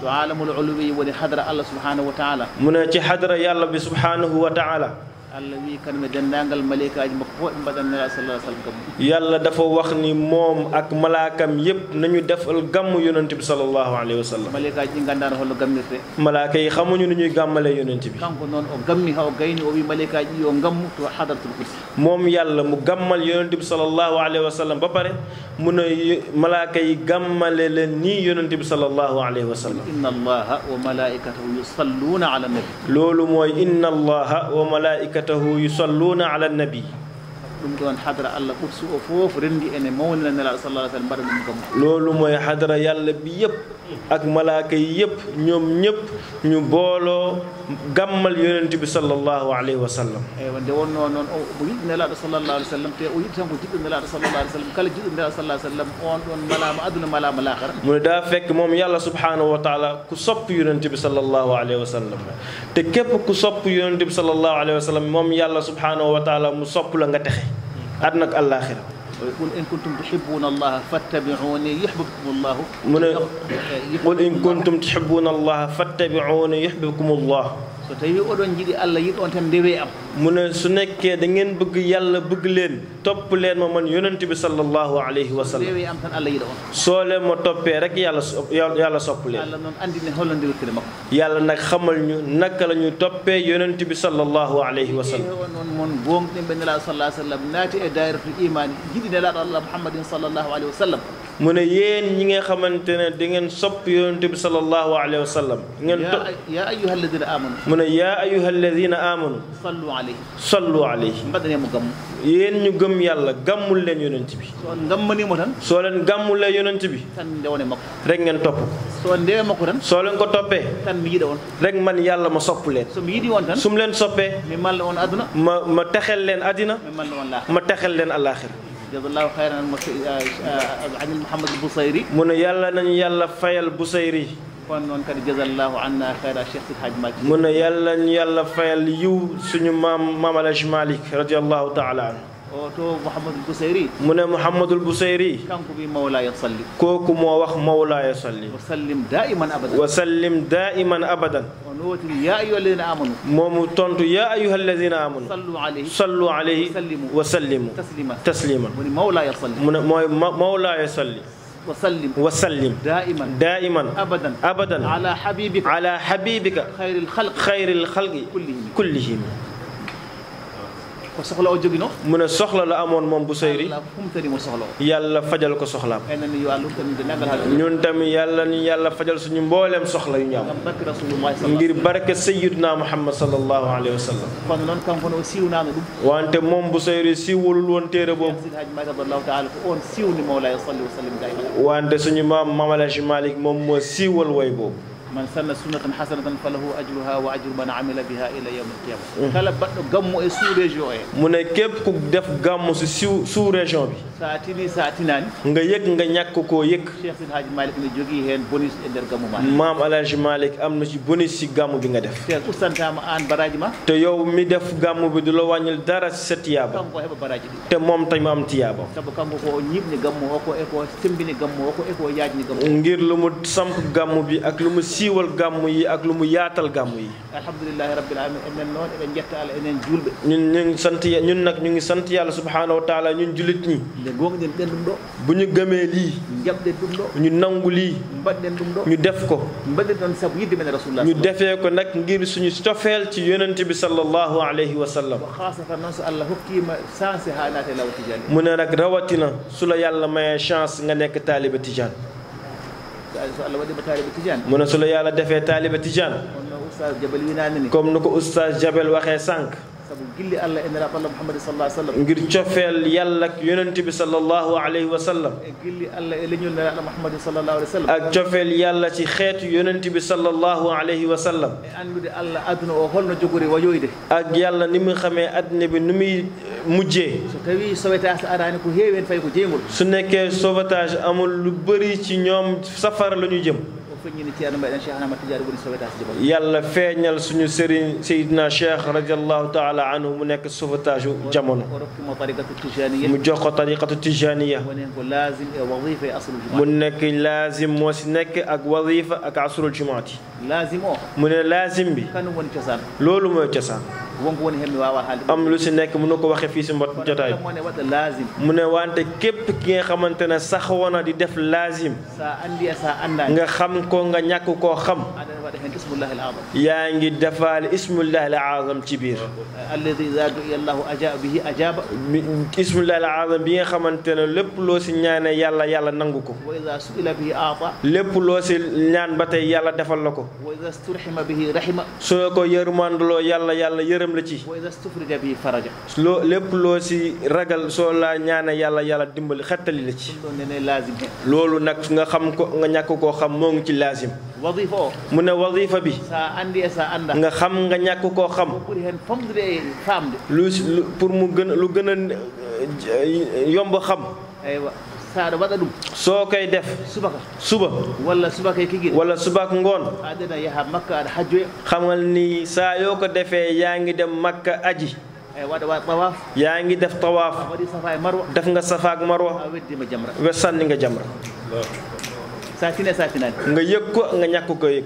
to alamul uluwi woni hadra allah subhanahu wa taala mu ne ci hadra yàlla bi subhanahu wa taala allah wi kanum e denndaangal malaikaaji makko fof ɓe mbaɗan nela sallah sallam gammu yàlla dafa wax ni moom ak malaakam yépp nañu defal gàmm yonent bi sallallahu alayhi wa sallam malaikaaji ɗi nganndaano holno gammirtee malaaka yi xamuñu nu ñuy gàmmalee yonent bi kanko noon o gammi ha o gayni o wi malaikaaji ɗi yo gammu to hadratul qudsi moom yàlla mu gàmmal yonent bi sallallahu alayhi wa sallam ba pare mu ne malaaka yi gàmmale leen nii yonent bi sallallahu alayhi wa sallam inna allaha wa malaikatahu yusalluna ala nabi loolu mooy inna allaha wa malaikatahu وملائكته يصلون على النبي ɗum ɗon hadara allah ɓursu o fof renndi ene mawnina nelaɗo sallah alih sallam mbaɗa ɗum gam loolu moye hadara yallah bi yëpp ak malaaka yi yëpp ñoom ñëpp ñu booloo gammal yonent bi sallallahu alayhi wa sallam eyi nde wonno noon o o yiɗɗo nelaɗo sallallahu alih w sallam te o yiɗɗi tan ko jiɗɗo nelaɗo sallallahu alih sallam kala jiɗɗo nelaɗo sallah sallam on ɗon malama aduna malama lahara mu ne daa fekk moom yàlla subhanahu wa taala ku sopp yonent bi sallallahu alayhi wa sallam te képp ku sopp yonent bi sallallahu alayhi wa sallam moom yàlla subhanahu wa taala mu sopp la nga texe ادناك الاخره ويقول ان كنتم تحبون الله فاتبعوني يحببكم الله من ان كنتم تحبون الله فاتبعوني يحببكم الله so tawi oɗon jiɗi allah yiɗon tan ndewe am mu ne su nekkee da ngeen bëgg yàlla bëgg leen topp leen ma man yonent bi sallallahu alayhi wa sallam ndewe am tan allah yiɗa on soo leen ma toppee rek yàlla so yàlla sopp leen allah noon andine hollandirtire yàlla nag xamal ñu naka la ñu toppee yonent bi sallallahu alayhi wa sallam on noon moon boomɗe ɓe nelaaɗo sallah sallam naati e dairatul imani jiɗi nelaaɗo allah mouhammadin sallallahu alayhi wa sallam mu ne yéen ñi nga xamante ne da ngeen sopp yonent bi sallallahu alayhi wa sallam ngeen ya ayyuha alladina amanu نونا يا أيها الذين آمنوا صلوا عليه صلوا عليه بدنا مقام ين نقام يلا قام ولا ينتبي سؤال قام مني مثلا سؤال قام ولا ينتبي كان دهون مك رجع نتوب سؤال ده مك مثلا كتوبه كان رجع من يلا مسوق بلد سميجي سوبه ممال أدنى ما ما أدنى ممال لا ما تخل لين جزا الله خيرا عن محمد البصيري من يلا نن يلا فيل البصيري kon noon kadi jasallahu anna khayra cheikh sid haj malik mu ne yàlla ñu yàlla fayal yiw suñu maam maam alaj malik radiallahu taala anhu o to mouhamadul bousayri mu ne mouhamadul bousayri kanko wi mawlaya salli kooku moo wax mawlaya salli wa sallim daiman abadan wa sallim daiman abadan on wootiri ya ayuha alladina amanu moomu tontu ya ayuha alladina amanu sallu alayhi sallu alayhi wa sallimu taslima taslima woni mawlaya salli mu ne mooy mawlaya salli وسلم وسلم دائما دائما ابدا ابدا على حبيبك على حبيبك خير الخلق خير الخلق كلهم كلهم ko soxla o jogino mu ne soxla la amoon moom bu seyri yàlla fajal ko soxlaam ñun tamit yàlla ñu yàlla fajal suñu mbooleem soxla yu ñu am ngir barke sayyidna muhammad sallallahu alayhi wa sallam wante moom bu seyri siiwalul woon téere boobu wante suñu maam Maam Alaaji Malik moom moo siiwal way boobu من سنة سنة حسنة فله أجرها وأجر من عمل بها إلى يوم القيامة. أه. كلا بدو جمو إيه سو ريجون. إيه. من كيف كوك دف جمو سو سو ريجون بي. ساعتيني ساعتينان. نجيك نجيك كوكو يك. شيخ الحاج مالك نجوجي هن بونيس إدر جمو مالك. مام الحاج مالك أم نجي بونيس جمو دينا دف. شيخ أستان تام أن براج ما. تيو ميدف جمو بدلو وانيل دارس ستيابا. كم كوه ببراج دي. تمام تيم أم تيابا. كم كم كوه نيب نجمو أكو أكو إيه سيمبي نجمو أكو أكو ياج نجمو. نجير لومد سام جمو بي أكلومس siwal gamu yi ak lu mu yaatal gamu yi alhamdulillahi rabbil alamin enen noon eɗen jetta ala enen julbe ñun ñu ngi sant ñun nak ñu ngi sant yàlla subhanahu wa taala ñun julit ñi nde ñen ben dum do bu ñu li lii de dum do ñu nangul li mbad de dum do ñu def ko mbaɗɗen ɗon sabu yidi men rasulullah ñu defé ko nak ngir suñu stofel ci yonente bi sallallahu alayhi wa sallam khasatan nas so allah hokkiima chance haa naate law tijani mu ne rawatina su la yàlla mayee chance nga nek taaliba tijane mu ne su la yàlla defee taaliba tijaan comme nu ko oustaz Jabel waxee sànq sabu gilli allah e neraɓe allah mouhammadi sallah ai sallam ngir cofeel yàlla ak yonent bi sallallahu alayhi wa sallam e gilli allah e leñol neraɗo mouhammadi sallallahu alayhi wa sallam ak cofeel yàlla ci xeetu yonent bi sallallahu alayhi wa sallam e anndude allah aduna o holno jogori wayoyde ak yàlla ni mu xamee adduna bi nu muy mujjee so tawi sauvetage arani ko heewi hen fayi ko jeygol su nekkee sauvetage amul lu bëri ci ñoom safara la ñu jëm يلا فينيال سيدنا شيخ رضي الله تعالى عنه منك السوفتاج جامونو مجوكو طريقه التجانيه منك لازم موسي نك اك وظيفه اك الجمعه لازم لازم لولو مو am lu si nekk mënu ko waxe fii si mbot jotaay mu ne wante képp ki nga xamante ne sax woon na di def lazim nga xam ko nga ñàkk koo xam hen اسم الله الاعظم يعني دفال اسم الله الاعظم كبير الذي اذا دعي الله اجاب به اجاب اسم الله الاعظم بي خمانتنا لب لو سي نيان يالا يالا نانغوكو واذا سئل به اعطى لب لو سي نيان باتاي يالا دفال لاكو واذا استرحم به رحم سوكو يرماندلو يالا يالا يرم لا تي واذا استفرج به فرج لو لب لو سي ragal soo la ñaane yàlla yàlla dimbali xettali la ci loolu nag nga xam ko nga ñàkk koo xam moo ngi ci laazim wadifo mu bi sa andi sa anda nga xam nga ñak ko xam lu pour mu gën lu gëna eh, yomb xam wada dum so kay def suba suba wala suba kay kigir wala suba ngon adana yaha makka ad hajj xamal ni sa yo ko defé yaangi dem makka aji ya ngi tawaf def tawaf def nga safa ak marwa nga jamra saa su nga yëg ko nga ñàkk ko yëg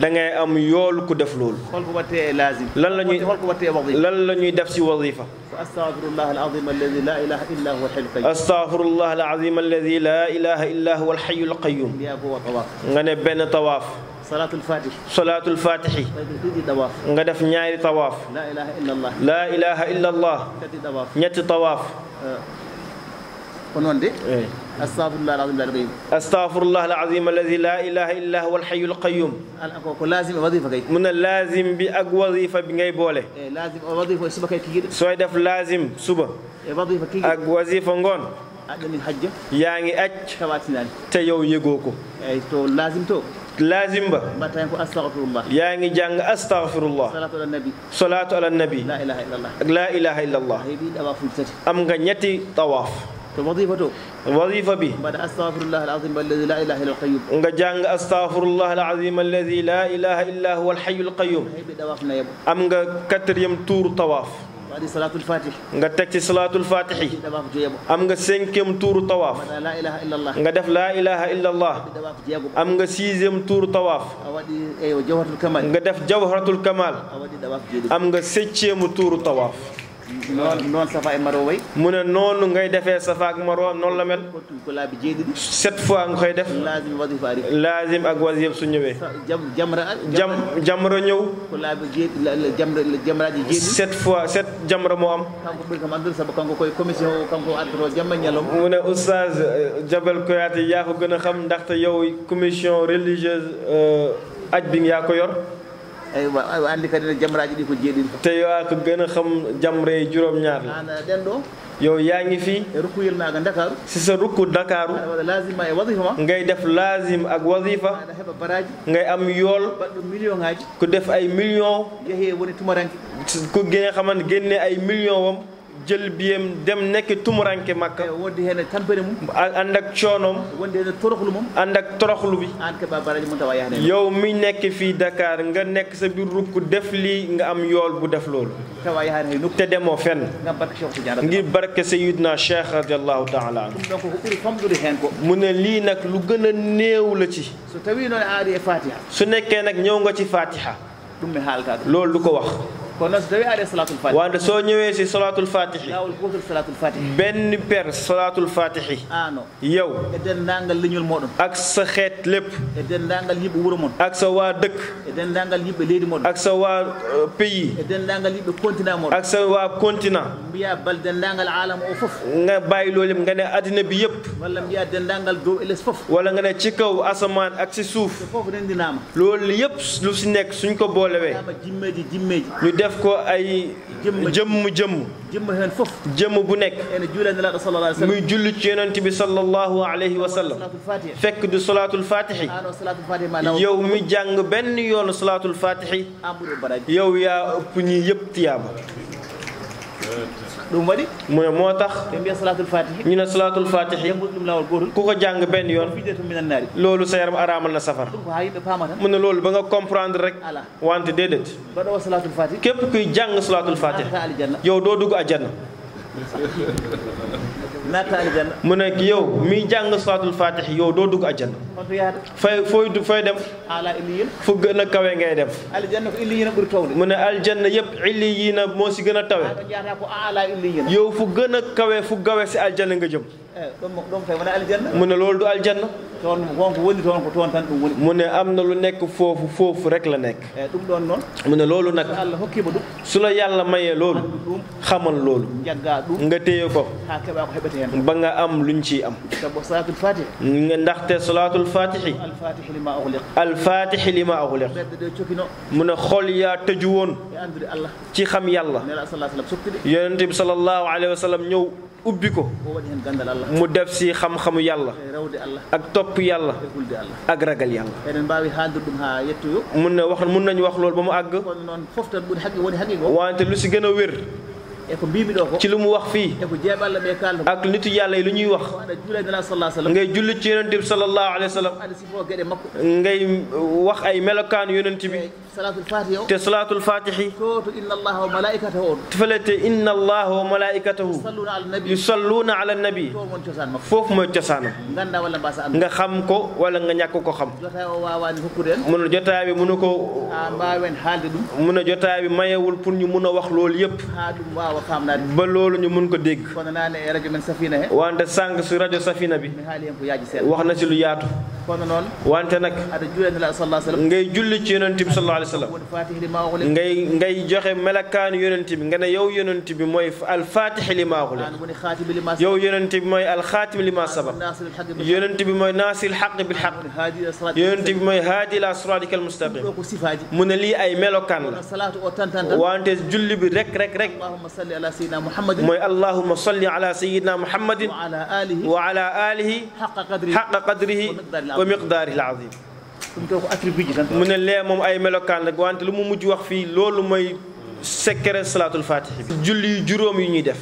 da ngay am yool ku def loolu xool bu wattee laazim lan la ñuy xool bu wattee wadifa lan la ñuy def si wadifa astaghfirullah alazim alladi la ilaha illa huwa alhayyul qayyum astaghfirullah alazim alladi la ilaha illa huwa alhayyul qayyum nga ne benn tawaaf salaatul fatih salaatul fatih nga def ñaari tawaaf la ilaha illa allah la ilaha استغفر الله العظيم العظيم استغفر الله العظيم الذي لا اله الا هو الحي القيوم لازم وظيفه كي من لازم باك وظيفه بغي بوله إيه لازم وظيفه سبا كي سوي داف لازم سبا إيه، وظيفه كي اك وظيفه غون ادمي حج ياغي يعني اج تواتنال تيو يغوكو اي تو لازم تو لازم با استغفر الله ياغي يعني جانغ استغفر الله صلاه على النبي صلاه على النبي لا اله الا الله لا اله الا الله ام غنيتي طواف وظيفته وظيفة به بعد أستغفر الله العظيم الذي لا إله إلا القيوم نجا أستغفر الله العظيم الذي لا إله إلا هو الحي القيوم أم نجا كتر يم تور طواف بعد صلاة الفاتح نجا تكتي صلاة الفاتح أم نجا سنكم تور طواف لا إله إلا الله نجا دف لا إله إلا الله أم نجا سيزم تور طواف أيوة، نجا دف noonu noonu maro way mu ne noonu ngay defee safa ak maro noonu la mel sept fois nga koy def laazim ak wasif su ñëwee jam jam jamra ñëw sept fois sept jamra moo am mu ne oustaz euh, Jabel Koyate yaa ko gën a xam ndaxte yow commission religieuse euh, aj bi yaa ko yor eywa andi kadi ne ɗi ko jeeɗiɗi ko tawiwa ko gëna xam jamre juróom ñaar la ɗo yow yaa ngi fii eh, rukkuyel maaga dakaru si sa rukku dakaru waɗa e wasifa ngay def lasim ak wasifa heɓa baraji ngay am yool baɗɗo million ko def ay million yeehe woni tumaranke ko gene xamante génne ay million wam jël biyam dem nekk tumuraanke makka eh, wonde hen tampere mum ànd ak coonoom wonde hen toroxlu mum ànd ak toroxlu bi yow mi nekk fii dakaar nga nekk sa biir rukk def lii nga am yool bu def loolu tawa yahane hay te demoo fenn ngir barke Seydina Cheikh radiallahu taala anhu donc ko ɓuri famɗude hen ko mu ne lii nag lu gën a néew la ci so tawi noon aari e su nekkee nag ñëw nga ci fatiha ɗum mi haalta ɗum loolu du ko wax كون الصلاة الفاتحة وان سو نيوي صلاة الفاتحة لا والقوت صلاة الفاتحة بن بير صلاة الفاتحة اه نو يو ادن نانغال لي نول مودون اك سا خيت ليب ادن نانغال ييب ورمون اك سا وا دك ادن نانغال ييب ليدي مودون اك سا وا بيي ادن نانغال ييب def ko ay. jëmm jëmm jëmm jëmm bu nekk. muy julli ci yonent bi sallallahu alayhi wa sallam. fekk du salaatul fatixi. yow mi jàng benn yoonu salaatul fatixi. yow yaa ëpp ñi yëpp tiyaaba. ɗum waɗi mu ne moo tax ɓe mbiya salatul ñu ne salatul fatihi janngude ɗum lawol gotol ku ko jàng benn yoon fiide to loolu sa yaram aramal na safara ɗum ko ha yimɓe paama tan mu ne loolu ba nga comprendre rek ala wante déedéet mbaɗowo salatul fatihi képp kuy jàng salatul fatihi yow doo dugg aljanna mu nekk yow mi jàng salaatul fatih yow doo dugg àjjana fay fooy du fay dem fu gën a kawe ngay dem mu ne aljanna yëpp illi yii na moo si gën a tawe yow fu gën a kawe fu gawe si aljanna nga jëm من لول دو الجنة من أم نلو نك فوف فوف ركلا نك من لول نك سلا يالا ما يلول خمن لول نغتي يوكو بنا أم لنشي أم نغتي صلاة الفاتح الفاتح لما أغلق من خول يا تجوون تي خم يالا يونتب صلى الله عليه وسلم نيو ubbi ko mu def si xam-xamu yàlla ak topp yàlla ak ragal yàlla mun ne wax mun nañu wax loolu ba mu àgg wante lu si gën a wér ci lu mu wax fii ak nitu yàlla yi lu ñuy wax ngay julli ci yonent bi sallallahu alayhi wa sallam ngay wax ay melokaan yonent bi صلاة الفاتح تصلاة الفاتح إن الله وملائكته تفلت إن الله وملائكته يصلون على النبي يصلون على النبي فوف موي تيسانم غاندا ولا باسا ام nga xam ko wala nga ñak ko xam mun jotaay bi munu ko mbawen halde dum mun jotaay bi mayewul pour ñu muna wax lool yépp ba loolu ñu mun ko dégg wante sang su rajo safina bi wax na ci lu yaatu وانتنك نجي جلّي تينون تيب صلى الله عليه وسلم نجي نجي جه ملكان يونون تيب نجنا يو يونون تيب موي الفاتح لما أقوله يو يونون تيب موي الخاتم لما سبب يونون تيب موي ناس الحق بالحق يونون تيب موي هذه الأسرار ديك المستقبل من لي أي ملكان وانت جلّي برك رك رك موي اللهم صلي على سيدنا محمد وعلى آله حق قدره ومقداره العظيم من الله مم أي ملك كان لقوان تلو مم جوا في لول مي سكر صلاة الفاتحة جلي جروم ينيدف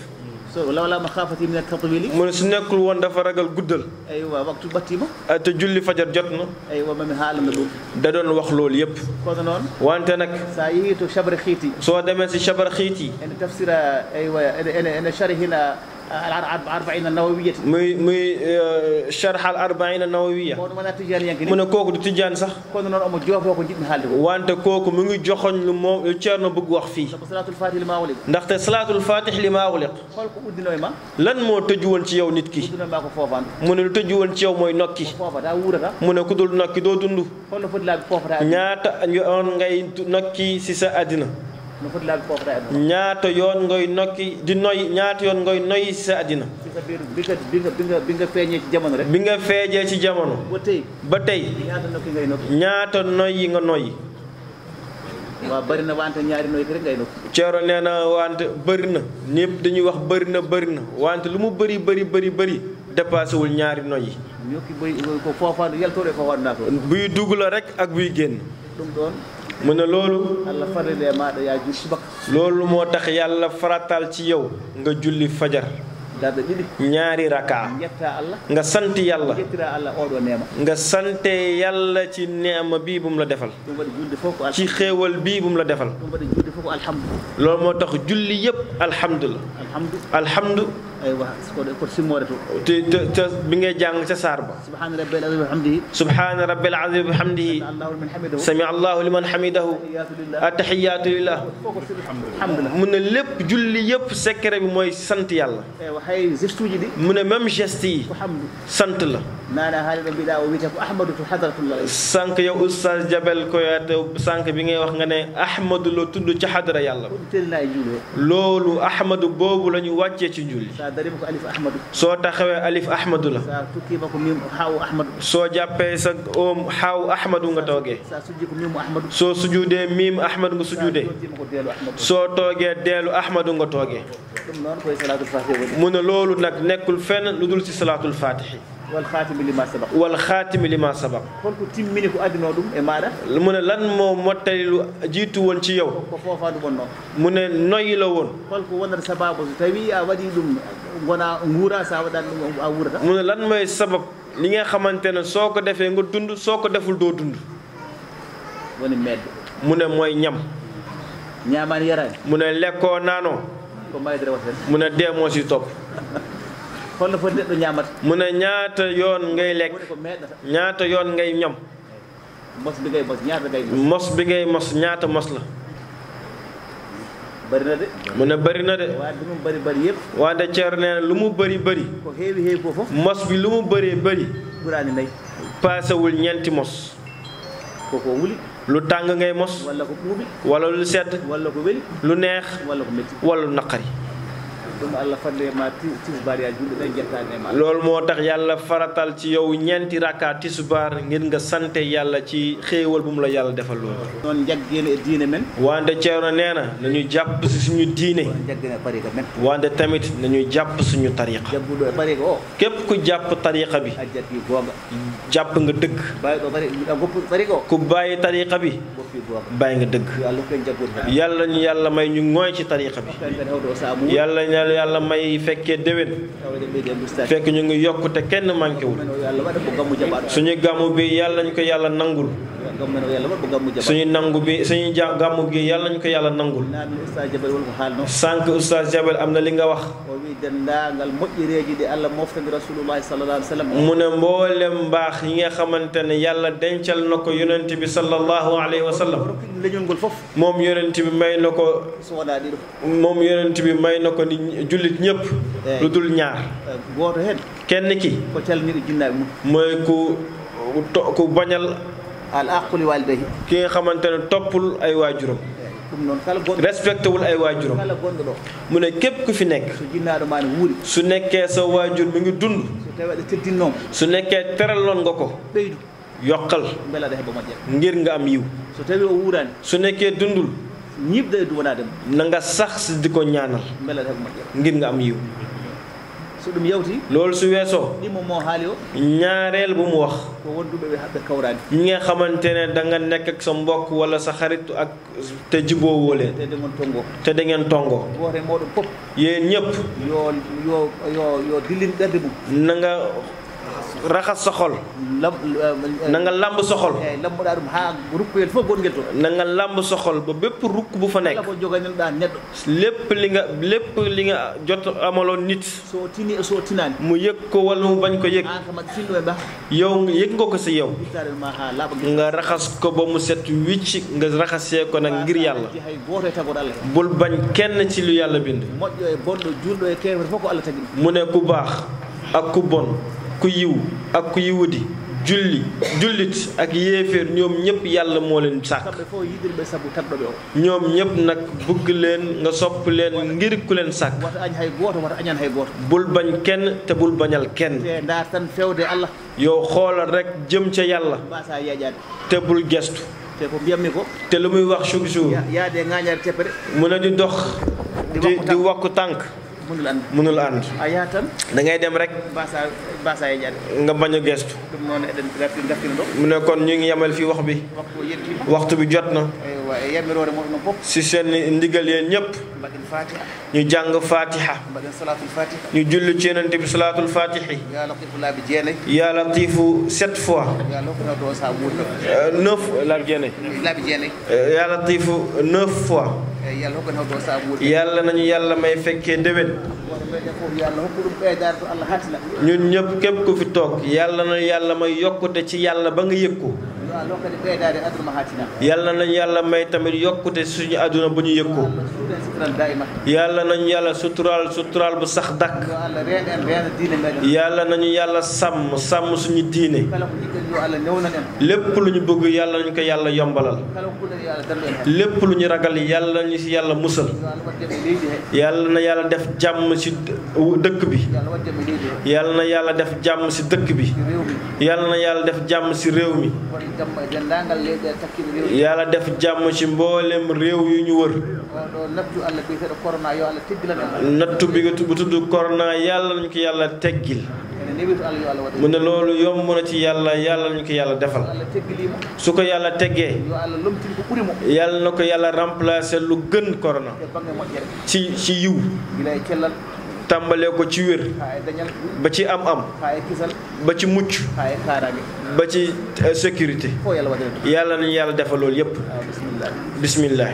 ولا ولا مخافة من التطويل من سنة كل وان دفر رجل جدل أيوة وقت البتيمة أتجلي فجر جتنا أيوة ما من حال ملو دادون وخلول يب كذنون وان تنك سعيد وشبر خيتي سواد من شبر خيتي إن تفسير أيوة إن إن شرحنا arbaina nawawiyya muy muy sharh al arbaina nawawiyya mu ne kooku du tijaan sax wante kooku mu ngi joxoñ lu moom lu Ceerno bëgg wax fii ndaxte salaatul fatih li maa uliq lan moo tëju woon ci yow nit ki mu ne lu tëju woon ci yow mooy nokki mu ne ku dul nokki doo dund ñaata yoon ngay nokki si sa àddina ñaata yoon ngay nokki di noy ñaata yoon ngay noy sa àddina bi nga bi nga bi ci jamono rek. bi nga feeñee ci jamono. ba tey ba tey. ñaata nokki ngay nokki. nga noyyi. waaw bëri na wante ñaari noyyi rek nee na wante bëri na ñëpp dañuy wax bëri na bëri na wante lu mu bëri bëri bëri bëri dépassé wul ñaari noyyi. ñoo ko bëri ko buy dugg la rek ak buy génn. mu ne loolu loolu moo tax yàlla faratal ci yow nga julli fajar ñaari raka nga sant yàlla nga sante yàlla ci neema bii bu mu la defal ci xéewal bii bu la defal loolu moo tax julli yëpp alhamdulillah alhamdu te te te bi ngay jàng ca saar ba subhaana rabbil azim bihamdihi sami allahu liman hamidahu attahiyaatu lillah mu ne lépp julli yëpp secret bi mooy sant yàlla même geste maanaam haaliɓe mbiɗa o wiyete ko ahmadou to hadratullah sànq yow oustaz jabel koyate sànq bi ngay wax nga ne ahmadou la tudd ci hadara yàlla telna e juulo loolu ahmadou boobu la ñu wàccee ci julli sa darima ko alif ahmadou soo taxawee alif ahmadou la sa tukkiima ko mim haawu ahmadou soo jàppee sa oom haawu ahmadou nga toogee sa sujji ko mimu ahmadou soo sujuudee mim ahmadou nga sujuudee soo toogee deelu ahmadou nga toogee mu ne loolu nag nekkul fenn lu dul ci salaatul fatihi wal xaatimi lima sabaq wal xaatimi lima sabaq holko timmini ko adino ɗum e maɗa mu ne lan mo mottali jiitu won ci yow ko fofadu wonno mu ne noyilo won sa waɗani ɗum a wuurata mu ne lan moye sabab li nga xamante ne soo ko defee nga dund soo ko deful doo dund mu ne mooy ñam ñamani yarani mu ne lekkoo naanoo ko maydere waten mu ne dee si topp holno foti neɗɗo ñamata mu ne ñaata yoon ngay lekk ñaata yoon ngay ñam mos bi ngay mos ñaata ngay mos bi ngay mos ñaata mos la bari na mu ne bari na de waa lu yëpp waa de ceer nee lu mu bari bari ko heewi heewi mos bi lu mu bëree bëri paasewul ñeenti mos koko lu tàng ngay mos wala ko wala lu sedd lu neex wala ko métti lu naqari lol moo tax yàlla faratal ci yow ñeenti rakka tisbaar ngir nga sante yàlla ci xéewal bu mu la yàlla defal loolu e wante ceerno nee na nañu jàpp si suñu diine e wante tamit nañu jàpp suñu tariqa képp ku jàpp tariqa bi jàpp nga dëgg ku bàyyi tariqa bi bàyyi nga dëgg yàlla ñu yàlla may ñu ngooy ci tariqa bi yàlla may fekkee déwén fekk ñu ngi yokk te kenn manqué wul suñu gàmmu bi yàlla na ko yàlla nangul suñu ja gàmmu gi yàlla ñu ko yàlla nangul sànq oustaz jabel am na li nga wax mu ne mboolem mbaax yi nga xamante ne yàlla dencal na ko yonent bi sallallahu alayhi wa sallam moom yonent bi may na ko moom yonent bi may na ko nit jullit ñëpp eh. lu dul ñaar gooto eh, heen kenn ki ko calmini junnaaɓe mum mooy ku ku bañal al aquli walidayhi ki nga xamante ne toppul ay waajuram eh, respecté wul ay waajuram mu ne képp ku fi nekk su nekkee sa waajur mi ngi dund su nekkee teraloon nga ko yokkal ngir nga am yiw su nekkee dundul ñëpp du wona dem na nga sax si di ko ñaanal ngir nga am yiw so ɗum yawti loolu su weesoo ɗimo mo haali ñaareel bu mu wax ko wonduɓe ɓe haɓɓe kawrani ñi nga xamante ne danga nekk ak sa mbokk wala sa xarit ak te jiboo leen te da ngeen tongo te da ngeen tongo goote mooɗon fof yéen ñëpp yo raxas sa xol. Euh, na nga làmb sa xol. Eh, na nga làmb sa xol ba bépp rukk bu fa nekk. lépp li nga lépp li nga jot amaloon nit. mu yëg ko wala mu bañ ko yëg. Ah, yow nga yëg nga ko si yow. nga raxas ko ba mu set wicc nga raxasee ko nag ngir yàlla. bul bañ kenn ci lu yàlla bind. mu ne ku baax ak ku bon. ku yiw ak ku yiwadi julli jullit ak yéeféer ñoom ñëpp yàlla moo leen sàkk ñoom ñëpp nag bëgg leen nga sopp leen ngir ku leen sàkk bul bañ kenn te bul bañal kenn yow xoolal rek jëm ca yàlla te bul gestu te ko mbiyam mi ko. te lu muy wax chaque jour. yaa yaa di dox. di di wakku tànk. munul and mënul and aya da ngay dem rek basa basa ya jare nga bañu gestu non eden daf daf do mu ne kon ñu ngi yamal fi wax bi waxtu bi jotna si sen ndigal yeen ñep ñu jang fatiha ñu jull ci yonante bi salatul fatihi ya, ya latifu set fois ya eh, neuf la jene eh, ya latifu 9 fois eh, ya yalla nañu yalla may fekke dewet ñun ñëpp képp ku fi toog yàlla na yàlla may yokkute ci yàlla ba nga yëg ko yàlla nañ yàlla may tamit yokkute suñu àdduna bu ñu yëg ko yàlla nañu yàlla suturaal suturaal bu sax dàkk yàlla nañu yàlla sàmm sàmm suñu diine lépp lu ñu bëgg yàlla nañu ko yàlla yombalal lépp lu ñu ragal yàlla nañu si yàlla musal yàlla na yàlla def jàmm ci dëkk bi yàlla na yàlla def jàmm ci dëkk bi yàlla na yàlla def jàmm ci réew mi yàlla def jàmm ci mboolem réew yu ñu wër nattu bi nga tudd corona yàlla nañu ko yàlla teggil mu ne loolu yomb na ci yàlla yàlla ñu ko yàlla defal su ko yàlla teggee yàlla na ko yàlla remplacer lu gën korona ci ci yiw tàmbalee ko ci wér ba ci am-am ba ci mucc ba ci euh, sécurité yàlla nañu yàlla defal loolu yépp bismillah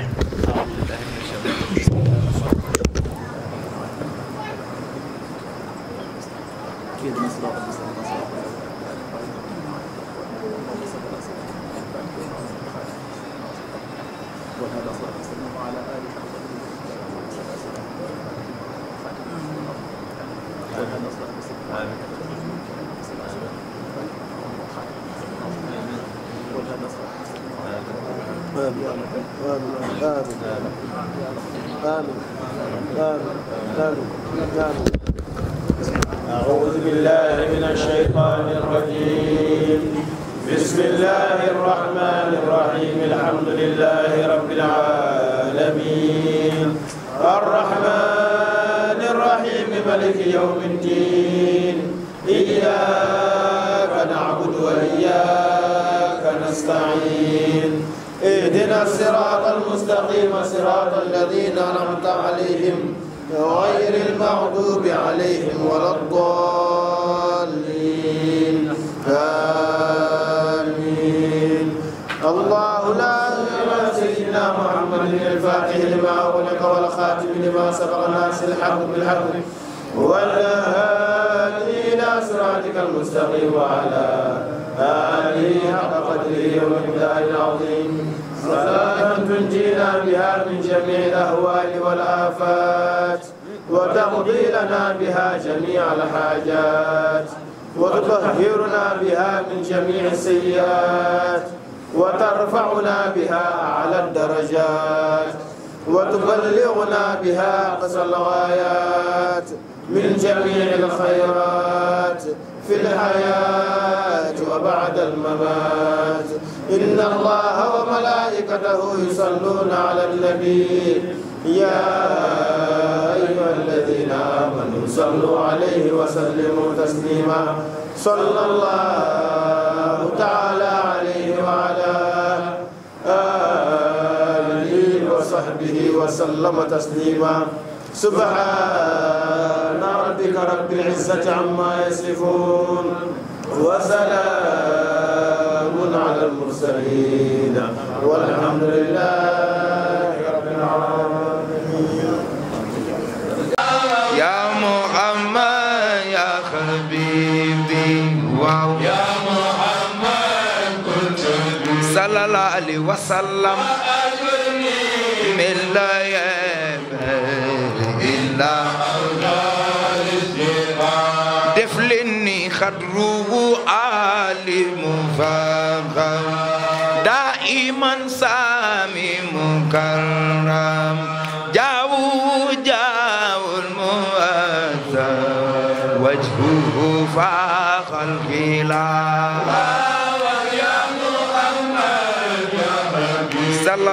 في المسبق جميع الحاجات وتطهرنا بها من جميع السيئات وترفعنا بها أعلى الدرجات وتبلغنا بها أقصى الغايات من جميع الخيرات في الحياة وبعد الممات إن الله وملائكته يصلون على النبي يا آمنوا صلوا عليه وسلموا تسليما صلى الله تعالى عليه وعلى آله وصحبه وسلم تسليما سبحان ربك رب العزة عما يصفون وسلام على المرسلين والحمد لله وآله وسلم من لا يبال إلا دفلني خدرو آلي مفخم دائما سامي مكرم جاو جاو المؤثر وجهه فاق الخلاف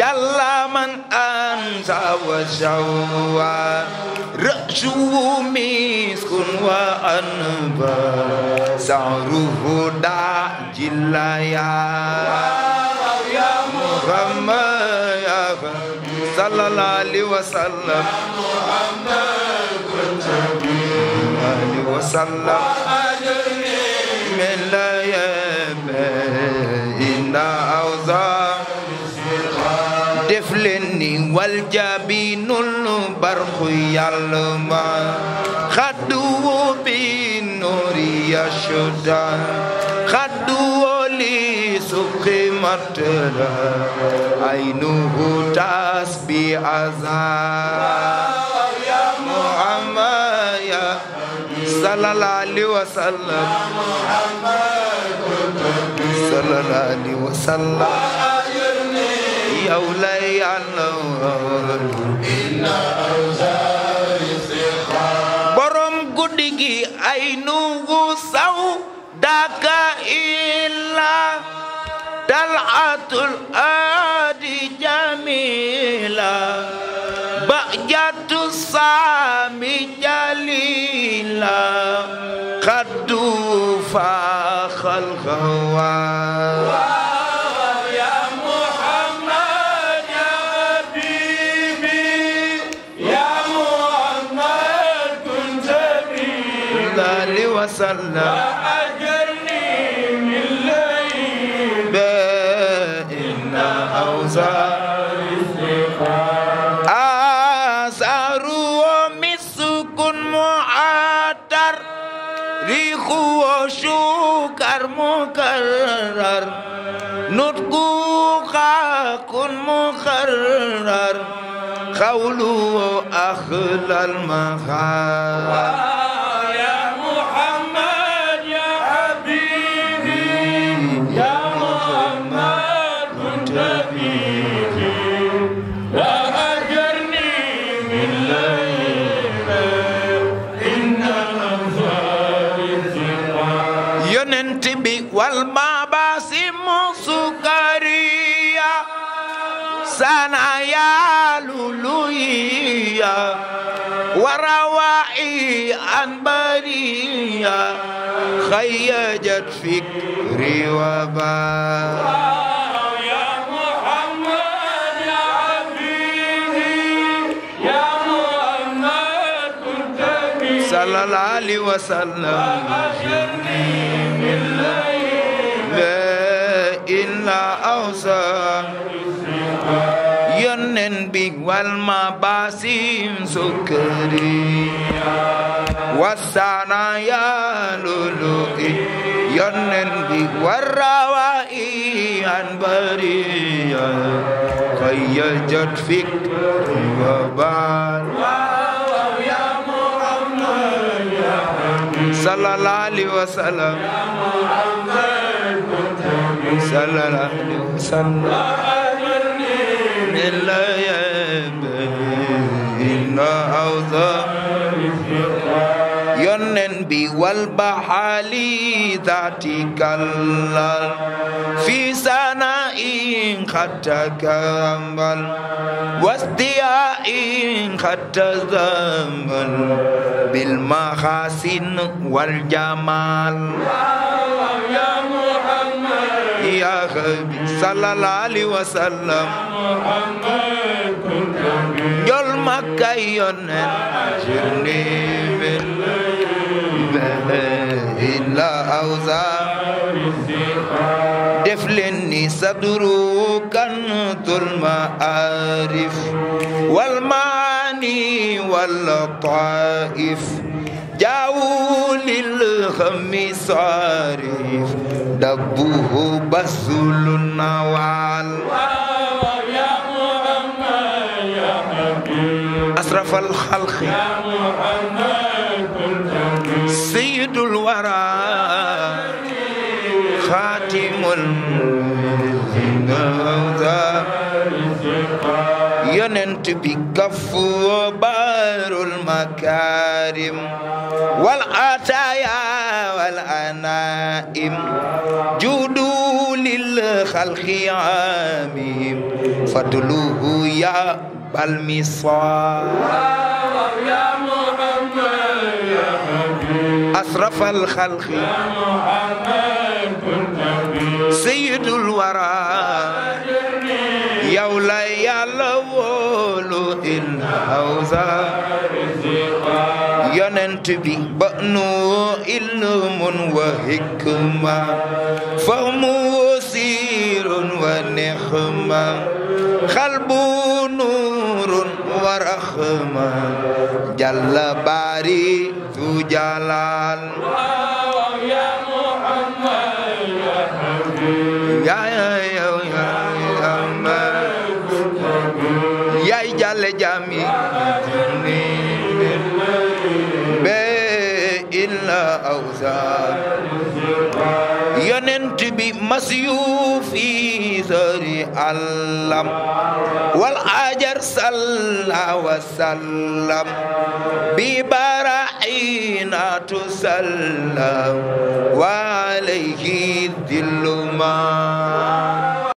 جل من أنت وجوا رأسه مسك وأنبا سعره دا جلايا محمد صلى الله عليه وسلم عليه وسلم من لا يبين والجبين البرق يلمع بنوري بالنور يشدع لي لسبق مرتلا عينه تسبي عذاب محمد يا صلى الله عليه وسلم صلى الله عليه وسلم Barom gundiki ainungusau daka'illah dalatul adzjamila bak jatuh saminjalila kadufahal وسلم وأجرني من ليل إن أوزار الثقال آثار ومسك معتر ريح وشكر مكرر نطق حق مكرر قوله أخلى المخاطر وروائي عن بريا خيجت فكري وبا صلى الله عليه وسلم الحرب والمباسم سكريا والسنايا لؤلؤي ينبي والروائي أنبريا قيجت فكري وبال صلى الله عليه وسلم صلى الله عليه وسلم والبحر ذات كلل في سناء حتى كمل واستياء حتى زمل بالمحاسن والجمال يا محمد يا حبيب صلى الله عليه وسلم يا محمد كل يوم مكة يونن أوزار دفلني صدرو كنت المعارف والمعاني والطائف جاءوا للهم صارف دبوه بسل النوال أشرف الخلق سيد الورى الخاتم المنتهى يننت بكفو بار المكارم والعطايا والأنائم جودوا للخلق عامهم فدلوه يا بالمصار يا محمد يا حبيب أسرف الخلق يا محمد sayyidul wara yow la yàlla wóolu in hawza yonent bi ba nu ilmun wa hikma fahmu sirun wa nihma qalbu nurun wa rahma jalla bari tu jalal yonent bi masiyu fi sori alam wal ajar salla wa sallam bi baraina tu sallam wa alayhi dilluma